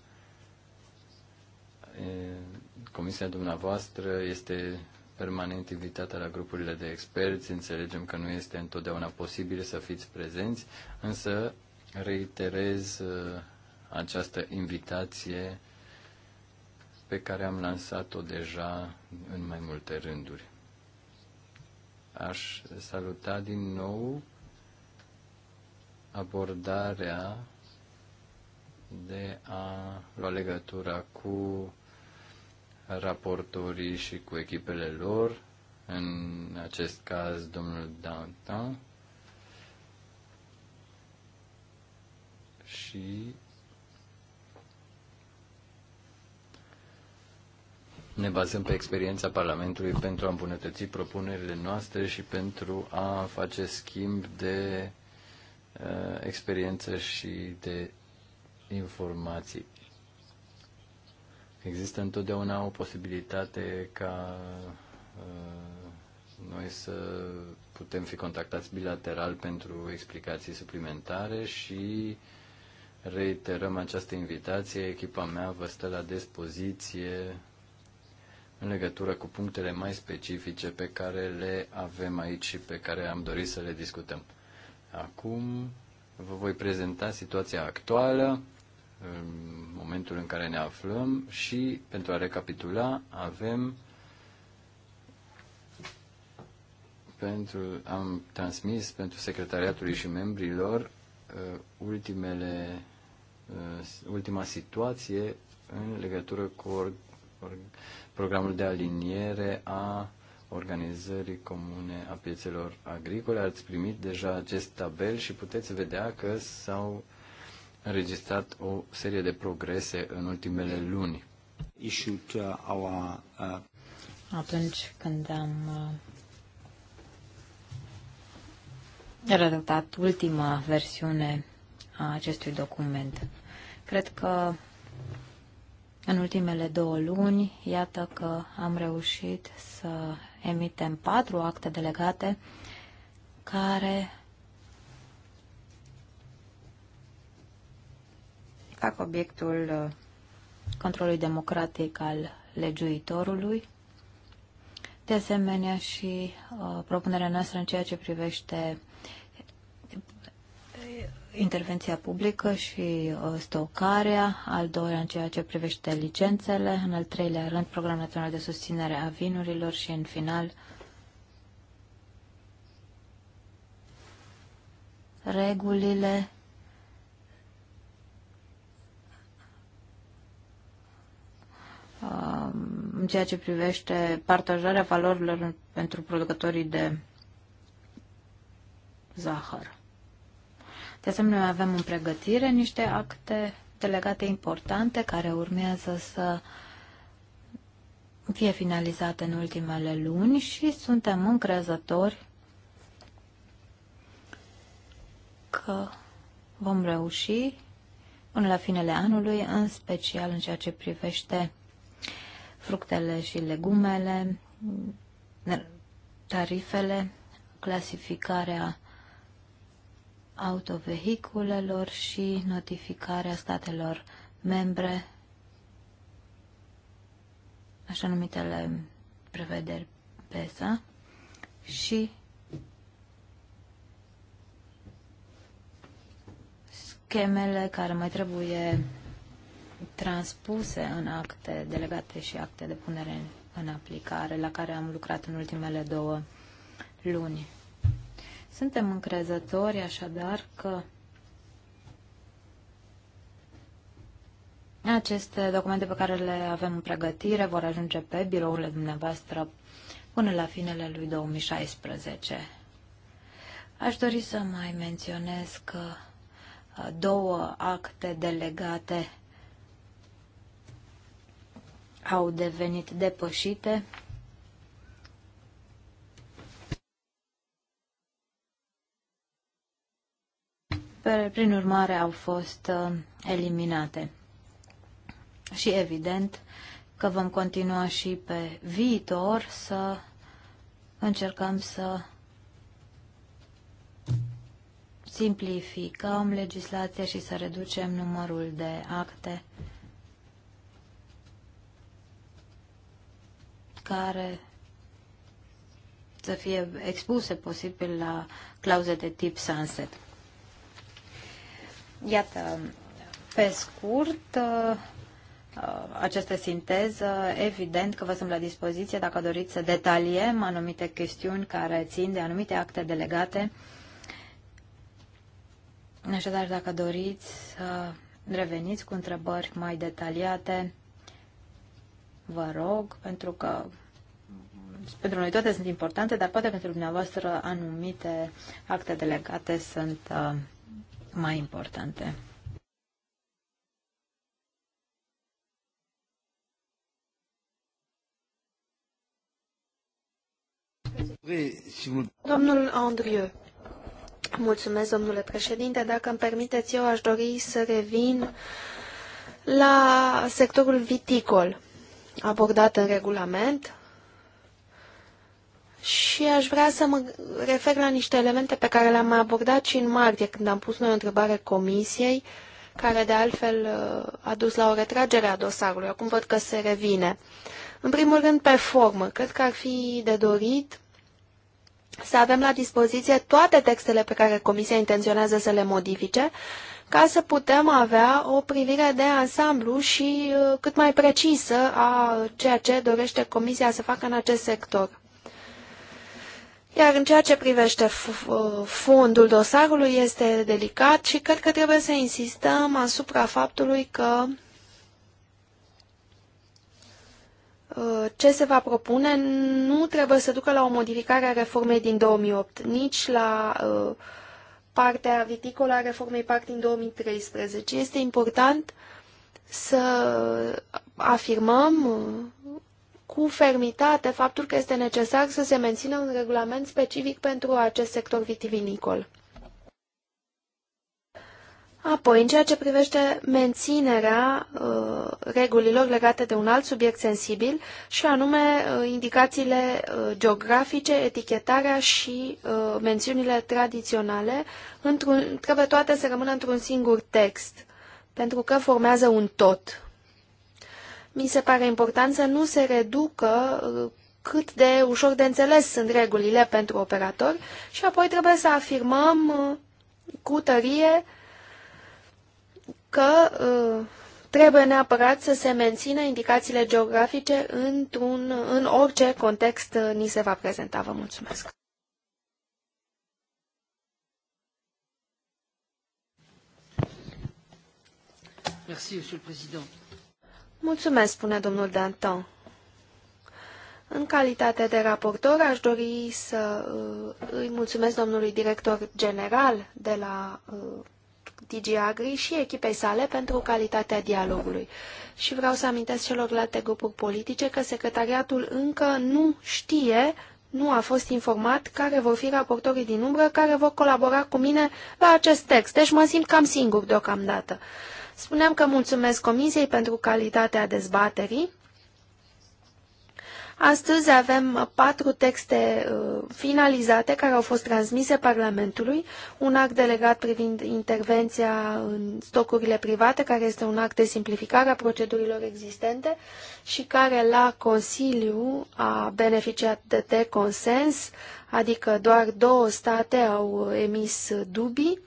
comisia dumneavoastră este permanent invitată la grupurile de experți. Înțelegem că nu este întotdeauna posibil să fiți prezenți, însă reiterez această invitație pe care am lansat-o deja în mai multe rânduri. Aș saluta din nou abordarea de a lua legătura cu raportorii și cu echipele lor, în acest caz domnul Downtown, și Ne bazăm pe experiența Parlamentului pentru a îmbunătăți propunerile noastre și pentru a face schimb de uh, experiență și de informații. Există întotdeauna o posibilitate ca uh, noi să putem fi contactați bilateral pentru explicații suplimentare și reiterăm această invitație. Echipa mea vă stă la dispoziție în legătură cu punctele mai specifice pe care le avem aici și pe care am dorit să le discutăm. Acum vă voi prezenta situația actuală, momentul în care ne aflăm și, pentru a recapitula, avem pentru, am transmis pentru secretariatului și membrilor uh, ultimele, uh, ultima situație în legătură cu or, or, programul de aliniere a organizării comune a piețelor agricole. Ați primit deja acest tabel și puteți vedea că s-au înregistrat o serie de progrese în ultimele luni. Uh, uh, Atunci când am uh, redactat ultima versiune a acestui document, cred că în ultimele două luni, iată că am reușit să emitem patru acte delegate care fac obiectul uh, controlului democratic al legiuitorului. De asemenea și uh, propunerea noastră în ceea ce privește intervenția publică și uh, stocarea, al doilea în ceea ce privește licențele, în al treilea rând Programul Național de Susținere a Vinurilor și în final regulile în ceea ce privește partajarea valorilor pentru producătorii de zahăr. De asemenea, avem în pregătire niște acte delegate importante care urmează să fie finalizate în ultimele luni și suntem încrezători că vom reuși până la finele anului, în special în ceea ce privește fructele și legumele, tarifele, clasificarea autovehiculelor și notificarea statelor membre, așa numitele prevederi PESA, și schemele care mai trebuie transpuse în acte delegate și acte de punere în aplicare, la care am lucrat în ultimele două luni. Suntem încrezători așadar că aceste documente pe care le avem în pregătire vor ajunge pe birourile dumneavoastră până la finele lui 2016. Aș dori să mai menționez că uh, două acte delegate au devenit depășite care prin urmare au fost uh, eliminate. Și evident că vom continua și pe viitor să încercăm să simplificăm legislația și să reducem numărul de acte care să fie expuse posibil la clauze de tip sunset. Iată, pe scurt, uh, uh, această sinteză, evident că vă sunt la dispoziție dacă doriți să detaliem anumite chestiuni care țin de anumite acte delegate. Așadar, dacă doriți să reveniți cu întrebări mai detaliate, vă rog, pentru că pentru noi toate sunt importante, dar poate pentru dumneavoastră anumite acte delegate sunt uh, mai importante. Domnul Andrieu, mulțumesc, domnule președinte. Dacă îmi permiteți, eu aș dori să revin la sectorul viticol abordat în regulament. Și aș vrea să mă refer la niște elemente pe care le-am abordat și în martie, când am pus noi o întrebare comisiei, care de altfel uh, a dus la o retragere a dosarului. Acum văd că se revine. În primul rând, pe formă. Cred că ar fi de dorit să avem la dispoziție toate textele pe care Comisia intenționează să le modifice, ca să putem avea o privire de ansamblu și uh, cât mai precisă a ceea ce dorește Comisia să facă în acest sector. Iar în ceea ce privește fondul dosarului este delicat și cred că trebuie să insistăm asupra faptului că uh, ce se va propune nu trebuie să ducă la o modificare a reformei din 2008, nici la uh, partea viticolă a reformei PAC din 2013. Este important să afirmăm uh, cu fermitate faptul că este necesar să se mențină un regulament specific pentru acest sector vitivinicol. Apoi, în ceea ce privește menținerea uh, regulilor legate de un alt subiect sensibil, și anume uh, indicațiile uh, geografice, etichetarea și uh, mențiunile tradiționale, trebuie toate să rămână într-un singur text, pentru că formează un tot. Mi se pare important să nu se reducă uh, cât de ușor de înțeles sunt regulile pentru operator și apoi trebuie să afirmăm uh, cu tărie că uh, trebuie neapărat să se mențină indicațiile geografice într-un, în orice context ni se va prezenta. Vă mulțumesc! Merci, Monsieur le Président. Mulțumesc, spune domnul Danton. În calitate de raportor, aș dori să uh, îi mulțumesc domnului director general de la uh, DG Agri și echipei sale pentru calitatea dialogului. Și vreau să amintesc celorlalte grupuri politice că secretariatul încă nu știe, nu a fost informat care vor fi raportorii din umbră care vor colabora cu mine la acest text. Deci mă simt cam singur deocamdată. Uh, Spuneam că mulțumesc Comisiei pentru calitatea dezbaterii. Astăzi avem patru texte uh, finalizate care au fost transmise Parlamentului, un act delegat privind intervenția în stocurile private, care este un act de simplificare a procedurilor existente și care la Consiliu a beneficiat de, consens, adică doar două state au emis dubii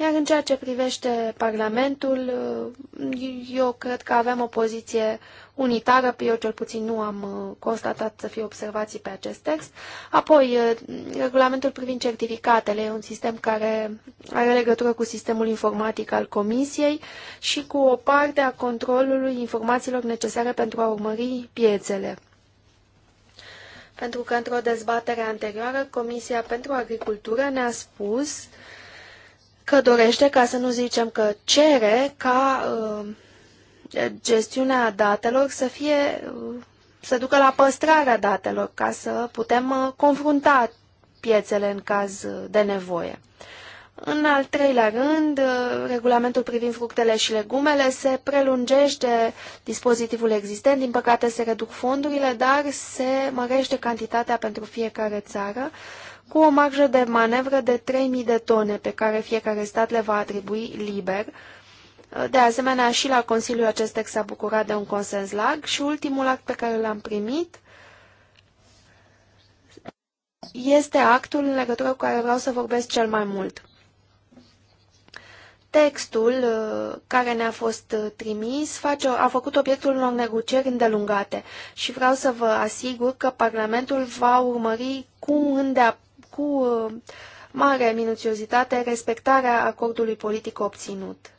iar în ceea ce privește Parlamentul, eu cred că avem o poziție unitară, eu cel puțin nu am uh, constatat să fie observații pe acest text. Apoi, uh, regulamentul privind certificatele e un sistem care are legătură cu sistemul informatic al Comisiei și cu o parte a controlului informațiilor necesare pentru a urmări piețele pentru că într-o dezbatere anterioară Comisia pentru Agricultură ne-a spus că dorește, ca să nu zicem că cere, ca uh, gestiunea datelor să fie uh, să ducă la păstrarea datelor ca să putem uh, confrunta piețele în caz de nevoie. În al treilea rând, regulamentul privind fructele și legumele se prelungește dispozitivul existent, din păcate se reduc fondurile, dar se mărește cantitatea pentru fiecare țară cu o marjă de manevră de 3.000 de tone pe care fiecare stat le va atribui liber. De asemenea, și la Consiliu acest text s-a bucurat de un consens larg și ultimul act pe care l-am primit este actul în legătură cu care vreau să vorbesc cel mai mult. Textul uh, care ne-a fost uh, trimis face, a făcut obiectul unor negocieri îndelungate și vreau să vă asigur că Parlamentul va urmări cu, îndea, cu uh, mare minuțiozitate respectarea acordului politic obținut.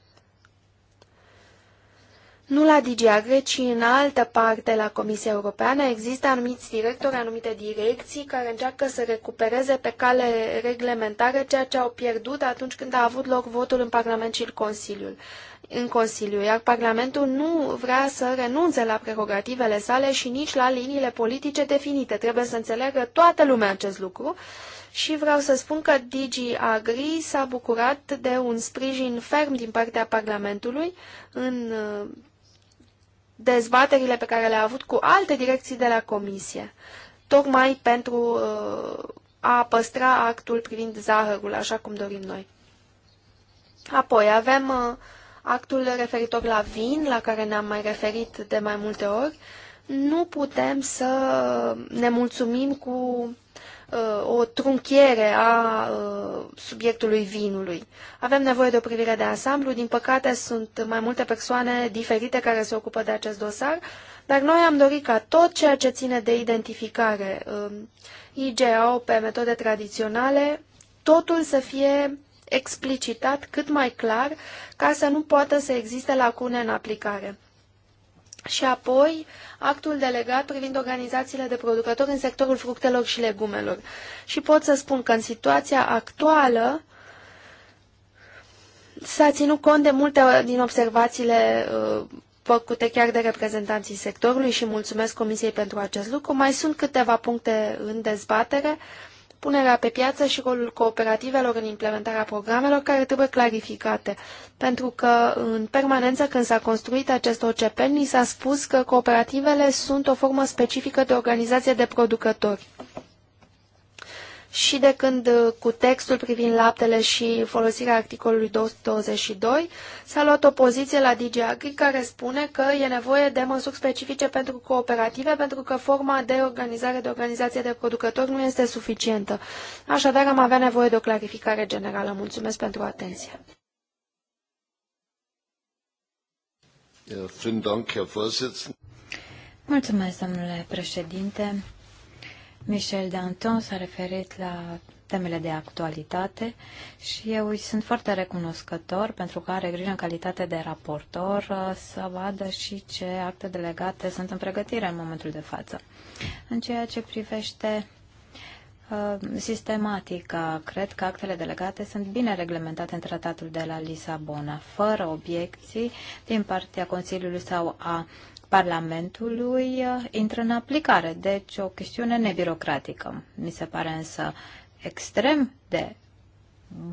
Nu la DGAGRE, ci în altă parte la Comisia Europeană există anumiți directori, anumite direcții care încearcă să recupereze pe cale reglementară ceea ce au pierdut atunci când a avut loc votul în Parlament și în Consiliul. În Consiliu, iar Parlamentul nu vrea să renunțe la prerogativele sale și nici la liniile politice definite. Trebuie să înțeleagă toată lumea acest lucru și vreau să spun că Digi Agri s-a bucurat de un sprijin ferm din partea Parlamentului în uh, dezbaterile pe care le-a avut cu alte direcții de la Comisie, tocmai pentru uh, a păstra actul privind zahărul, așa cum dorim noi. Apoi avem uh, actul referitor la vin, la care ne-am mai referit de mai multe ori. Nu putem să ne mulțumim cu Uh, o trunchiere a uh, subiectului vinului. Avem nevoie de o privire de ansamblu. Din păcate, sunt mai multe persoane diferite care se ocupă de acest dosar, dar noi am dorit ca tot ceea ce ține de identificare, um, IGAO pe metode tradiționale, totul să fie explicitat cât mai clar ca să nu poată să existe lacune în aplicare și apoi actul delegat privind organizațiile de producători în sectorul fructelor și legumelor. Și pot să spun că în situația actuală s-a ținut cont de multe din observațiile uh, făcute chiar de reprezentanții sectorului și mulțumesc Comisiei pentru acest lucru. Mai sunt câteva puncte în dezbatere punerea pe piață și rolul cooperativelor în implementarea programelor care trebuie clarificate. Pentru că în permanență când s-a construit acest OCP, ni s-a spus că cooperativele sunt o formă specifică de organizație de producători și de când uh, cu textul privind laptele și folosirea articolului 222 s-a luat o poziție la DG Agri care spune că e nevoie de măsuri specifice pentru cooperative pentru că forma de organizare de organizație de producători nu este suficientă. Așadar am avea nevoie de o clarificare generală. Mulțumesc pentru atenție. Mulțumesc, domnule președinte. Michel Danton s-a referit la temele de actualitate și eu îi sunt foarte recunoscător pentru că are grijă în calitate de raportor uh, să vadă și ce acte delegate sunt în pregătire în momentul de față. În ceea ce privește uh, sistematica Cred că actele delegate sunt bine reglementate în tratatul de la Lisabona, fără obiecții din partea Consiliului sau a Parlamentului uh, intră în aplicare. Deci o chestiune nebirocratică. Mi se pare însă extrem de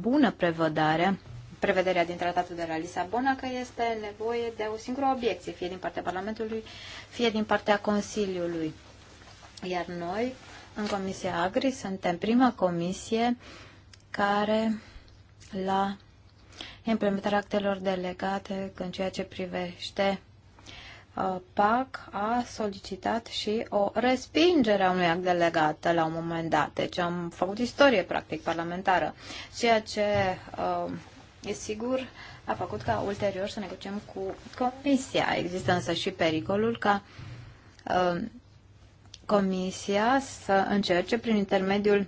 bună prevedere prevederea din tratatul de la Lisabona că este nevoie de o singură obiecție, fie din partea Parlamentului, fie din partea Consiliului. Iar noi, în Comisia Agri, suntem prima comisie care la implementarea actelor delegate în ceea ce privește PAC a solicitat și o respingere a unui act delegat la un moment dat. Deci am făcut istorie, practic, parlamentară, ceea ce uh, e sigur a făcut ca ulterior să negociem cu Comisia. Există însă și pericolul ca uh, Comisia să încerce prin intermediul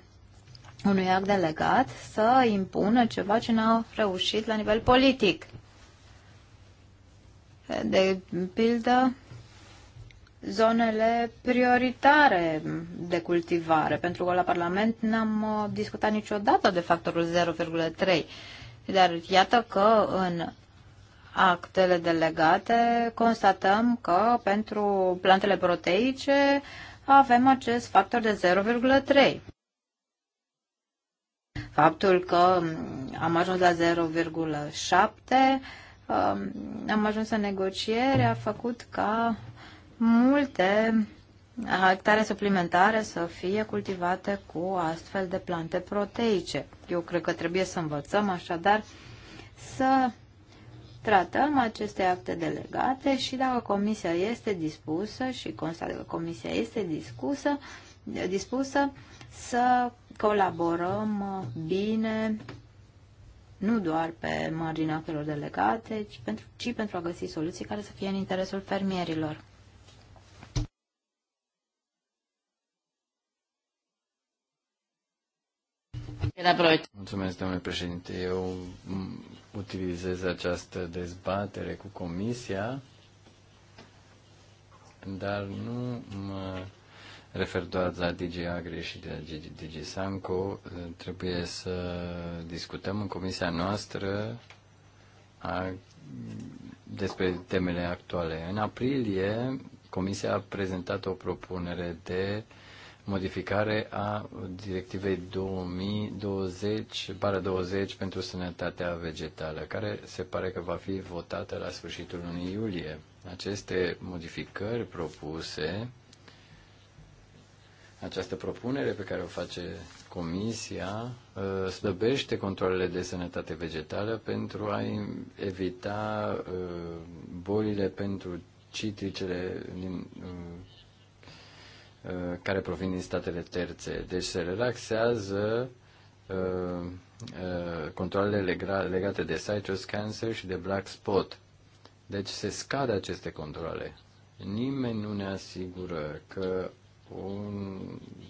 unui act delegat să impună ceva ce n-au reușit la nivel politic de pildă, zonele prioritare de cultivare, pentru că la Parlament n-am uh, discutat niciodată de factorul 0,3. Dar iată că în actele delegate constatăm că pentru plantele proteice avem acest factor de 0,3. Faptul că am ajuns la 0,7 Um, am ajuns în negociere a făcut ca multe hectare suplimentare să fie cultivate cu astfel de plante proteice. Eu cred că trebuie să învățăm așadar să tratăm aceste acte delegate și dacă comisia este dispusă și constată că comisia este discusă, dispusă să colaborăm bine nu doar pe marginea celor delegate, ci pentru, ci pentru a găsi soluții care să fie în interesul fermierilor. Mulțumesc, domnule președinte. Eu utilizez această dezbatere cu comisia, dar nu mă refer doar la DG Agri și de DG Sanco, trebuie să discutăm în comisia noastră a, despre temele actuale. În aprilie, comisia a prezentat o propunere de modificare a directivei 2020, 20 pentru sănătatea vegetală, care se pare că va fi votată la sfârșitul lunii iulie. Aceste modificări propuse această propunere pe care o face Comisia uh, slăbește controlele de sănătate vegetală pentru a evita uh, bolile pentru citricele din, uh, care provin din statele terțe. Deci se relaxează controlele legate de citrus cancer și de black spot. Deci se scade aceste controle. Nimeni nu ne asigură că un,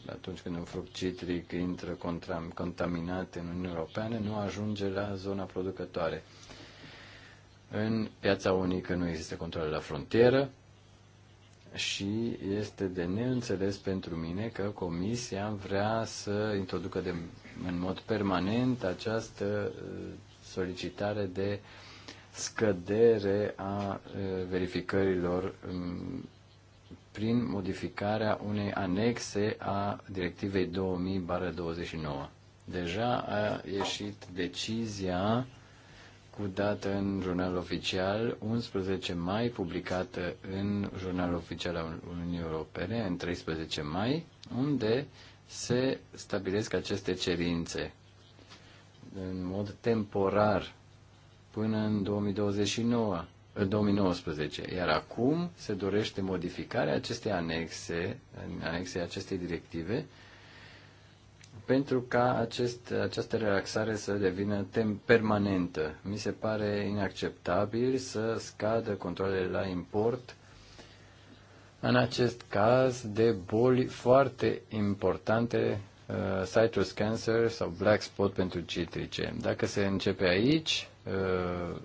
atunci când un fruct citric intră contra, contaminat în Uniunea Europeană, nu ajunge la zona producătoare. În piața unică nu există control la frontieră și este de neînțeles pentru mine că Comisia vrea să introducă de, în mod permanent această uh, solicitare de scădere a uh, verificărilor um, prin modificarea unei anexe a Directivei 2000-29. Deja a ieșit decizia cu dată în jurnal oficial, 11 mai, publicată în jurnalul oficial al Uniunii Europene, în 13 mai, unde se stabilesc aceste cerințe în mod temporar până în 2029 în 2019, iar acum se dorește modificarea acestei anexe, anexe acestei directive, pentru ca acest, această relaxare să devină tem- permanentă. Mi se pare inacceptabil să scadă controlele la import, în acest caz de boli foarte importante, uh, citrus cancer sau black spot pentru citrice. Dacă se începe aici, uh,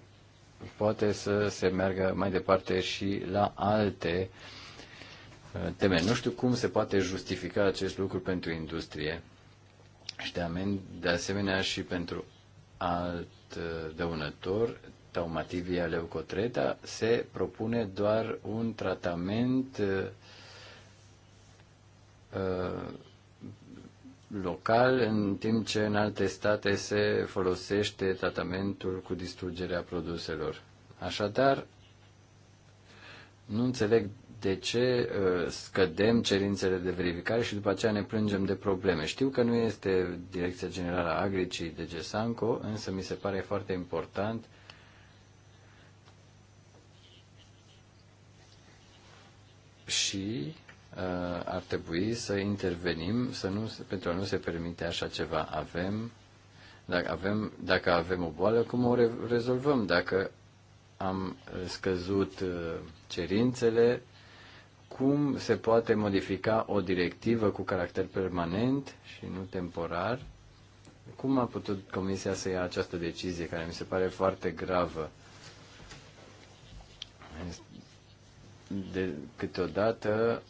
poate să se meargă mai departe și la alte uh, teme. Nu știu cum se poate justifica acest lucru pentru industrie și de, amen- de asemenea și pentru alt uh, dăunător, taumativia leucotreta, se propune doar un tratament uh, uh local, în timp ce în alte state se folosește tratamentul cu distrugerea produselor. Așadar, nu înțeleg de ce uh, scădem cerințele de verificare și după aceea ne plângem de probleme. Știu că nu este Direcția Generală a Agricii de Gesanco, însă mi se pare foarte important și Uh, ar trebui să intervenim să nu, pentru a nu se permite așa ceva. Avem, dacă avem, dacă avem o boală, cum o re- rezolvăm? Dacă am scăzut uh, cerințele, cum se poate modifica o directivă cu caracter permanent și nu temporar? Cum a putut Comisia să ia această decizie, care mi se pare foarte gravă? De, câteodată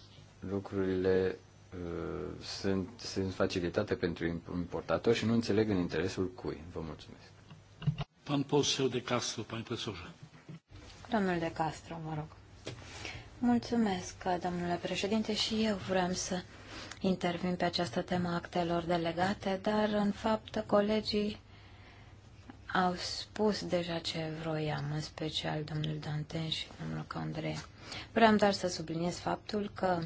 lucrurile uh, sunt, sunt facilitate pentru importator și nu înțeleg în interesul cui. Vă mulțumesc. Pan poseu de Castro, pan profesor. Domnul de Castro, mă rog. Mulțumesc, domnule președinte, și eu vreau să intervin pe această temă actelor delegate, dar, în fapt, colegii au spus deja ce vroiam, în special domnul Danten și domnul Candrea. Vreau doar să subliniez faptul că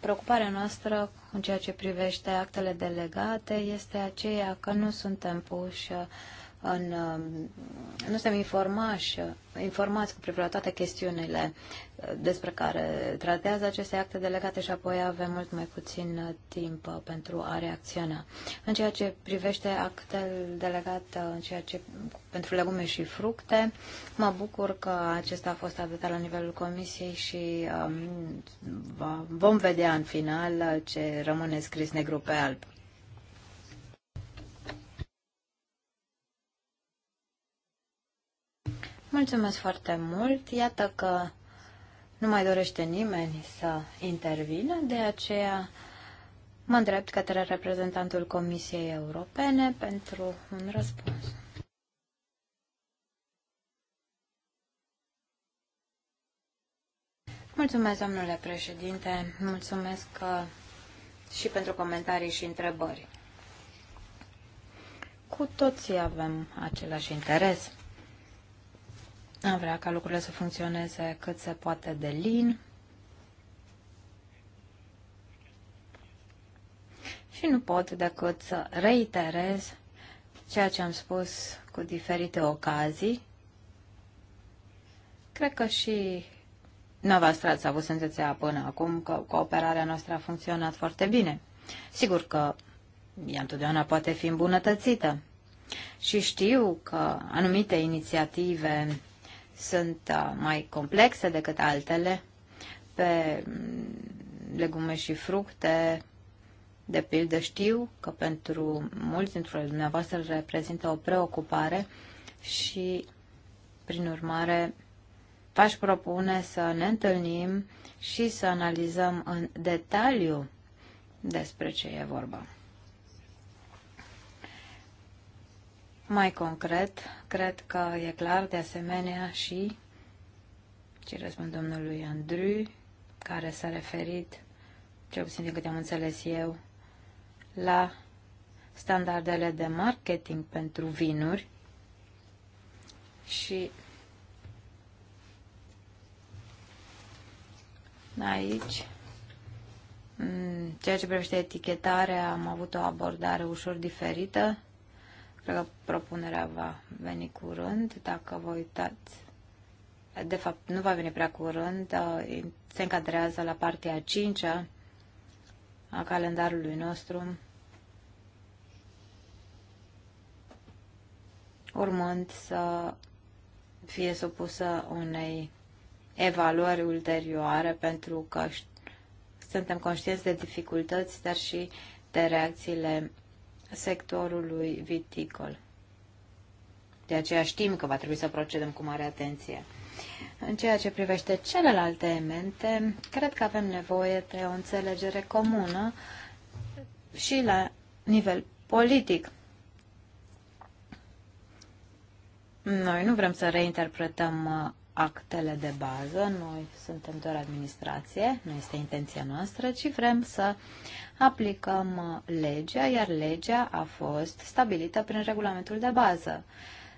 Preocuparea noastră în ceea ce privește actele delegate este aceea că nu suntem puși în, um, nu suntem informași, informați cu privire la toate chestiunile uh, despre care tratează aceste acte delegate și apoi avem mult mai puțin uh, timp uh, pentru a reacționa. În ceea ce privește actele delegate în ceea ce, pentru legume și fructe, mă bucur că acesta a fost adoptat la nivelul comisiei și um, vom vedea în final ce rămâne scris negru pe alb. Mulțumesc foarte mult. Iată că nu mai dorește nimeni să intervină, de aceea mă îndrept către reprezentantul Comisiei Europene pentru un răspuns. Mulțumesc, domnule președinte. Mulțumesc uh, și pentru comentarii și întrebări. Cu toții avem același interes am vrea ca lucrurile să funcționeze cât se poate de lin. Și nu pot decât să reiterez ceea ce am spus cu diferite ocazii. Cred că și s-a avut senzația până acum că cooperarea noastră a funcționat foarte bine. Sigur că ea întotdeauna poate fi îmbunătățită. Și știu că anumite inițiative sunt uh, mai complexe decât altele. Pe mm, legume și fructe, de pildă, știu că pentru mulți dintre dumneavoastră reprezintă o preocupare și, prin urmare, v-aș propune să ne întâlnim și să analizăm în detaliu despre ce e vorba. Mai concret, cred că e clar de asemenea și, ce răspund domnului Andru, care s-a referit, cel puțin din câte am înțeles eu, la standardele de marketing pentru vinuri și aici ceea ce privește etichetarea am avut o abordare ușor diferită Cred că propunerea va veni curând. Dacă vă uitați, de fapt nu va veni prea curând, uh, se încadrează la partea 5 -a a calendarului nostru, urmând să fie supusă unei evaluări ulterioare, pentru că suntem conștienți de dificultăți, dar și de reacțiile sectorului viticol. De aceea știm că va trebui să procedăm cu mare atenție. În ceea ce privește celelalte elemente, cred că avem nevoie de o înțelegere comună și la nivel politic. Noi nu vrem să reinterpretăm uh, actele de bază, noi suntem doar administrație, nu este intenția noastră, ci vrem să aplicăm legea, iar legea a fost stabilită prin regulamentul de bază.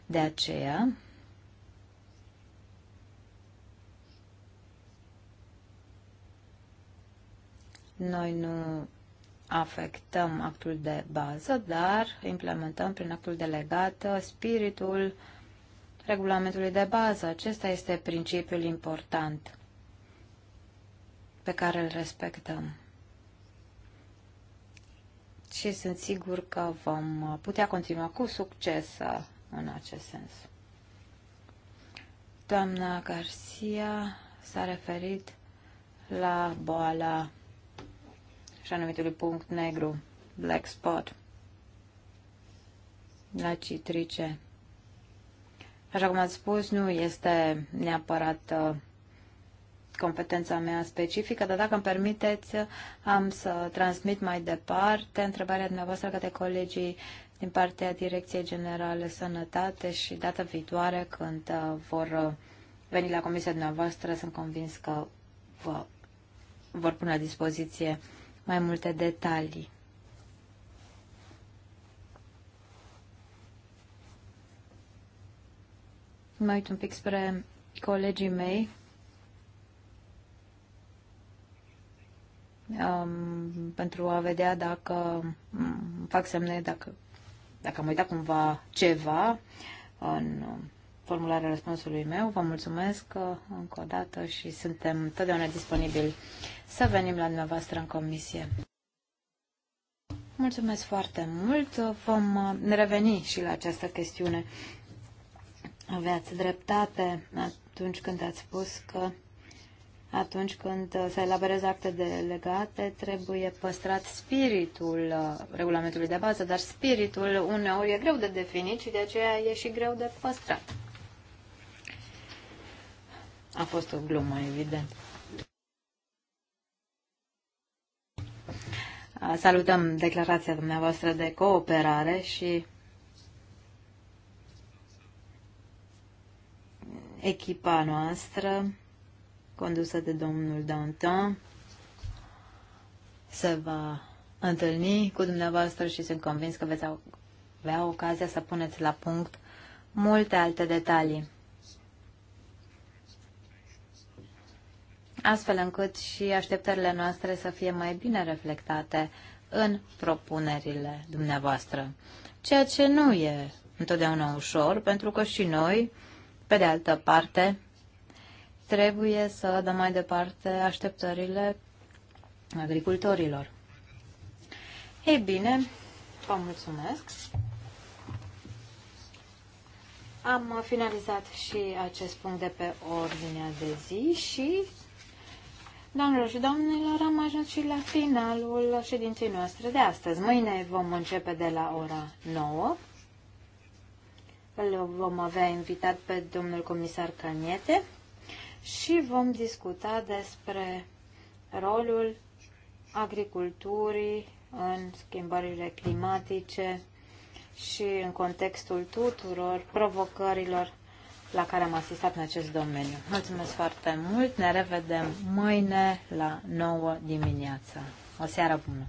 De aceea, noi nu afectăm actul de bază, dar implementăm prin actul delegat spiritul uh, regulamentului de bază. Acesta este principiul important pe care îl respectăm. Și sunt sigur că vom putea continua cu succes în acest sens. Doamna Garcia s-a referit la boala și anumitului punct negru, black spot, la citrice. Așa cum ați spus, nu este neapărat uh, competența mea specifică, dar dacă îmi permiteți, am să transmit mai departe întrebarea dumneavoastră către colegii din partea Direcției Generale Sănătate și data viitoare când uh, vor uh, veni la comisia dumneavoastră, sunt convins că vă vor pune la dispoziție mai multe detalii. Mă uit un pic spre colegii mei. Um, pentru a vedea dacă um, fac semne, dacă, dacă am uitat cumva ceva în formularea răspunsului meu. Vă mulțumesc uh, încă o dată și suntem totdeauna disponibili să venim la dumneavoastră în comisie. Mulțumesc foarte mult. Vom uh, reveni și la această chestiune aveați dreptate atunci când ați spus că atunci când se elaborează acte legate, trebuie păstrat spiritul uh, regulamentului de bază, dar spiritul uneori e greu de definit și de aceea e și greu de păstrat. A fost o glumă, evident. Salutăm declarația dumneavoastră de cooperare și echipa noastră, condusă de domnul Danton, se va întâlni cu dumneavoastră și sunt convins că veți avea ocazia să puneți la punct multe alte detalii. astfel încât și așteptările noastre să fie mai bine reflectate în propunerile dumneavoastră. Ceea ce nu e întotdeauna ușor, pentru că și noi pe de altă parte, trebuie să dăm mai departe așteptările agricultorilor. Ei bine, vă mulțumesc! Am finalizat și acest punct de pe ordinea de zi și, doamnelor și domnilor, am ajuns și la finalul ședinței noastre de astăzi. Mâine vom începe de la ora 9 îl vom avea invitat pe domnul comisar Caniete și vom discuta despre rolul agriculturii în schimbările climatice și în contextul tuturor provocărilor la care am asistat în acest domeniu. Mulțumesc foarte mult, ne revedem mâine la 9 dimineața. O seară bună!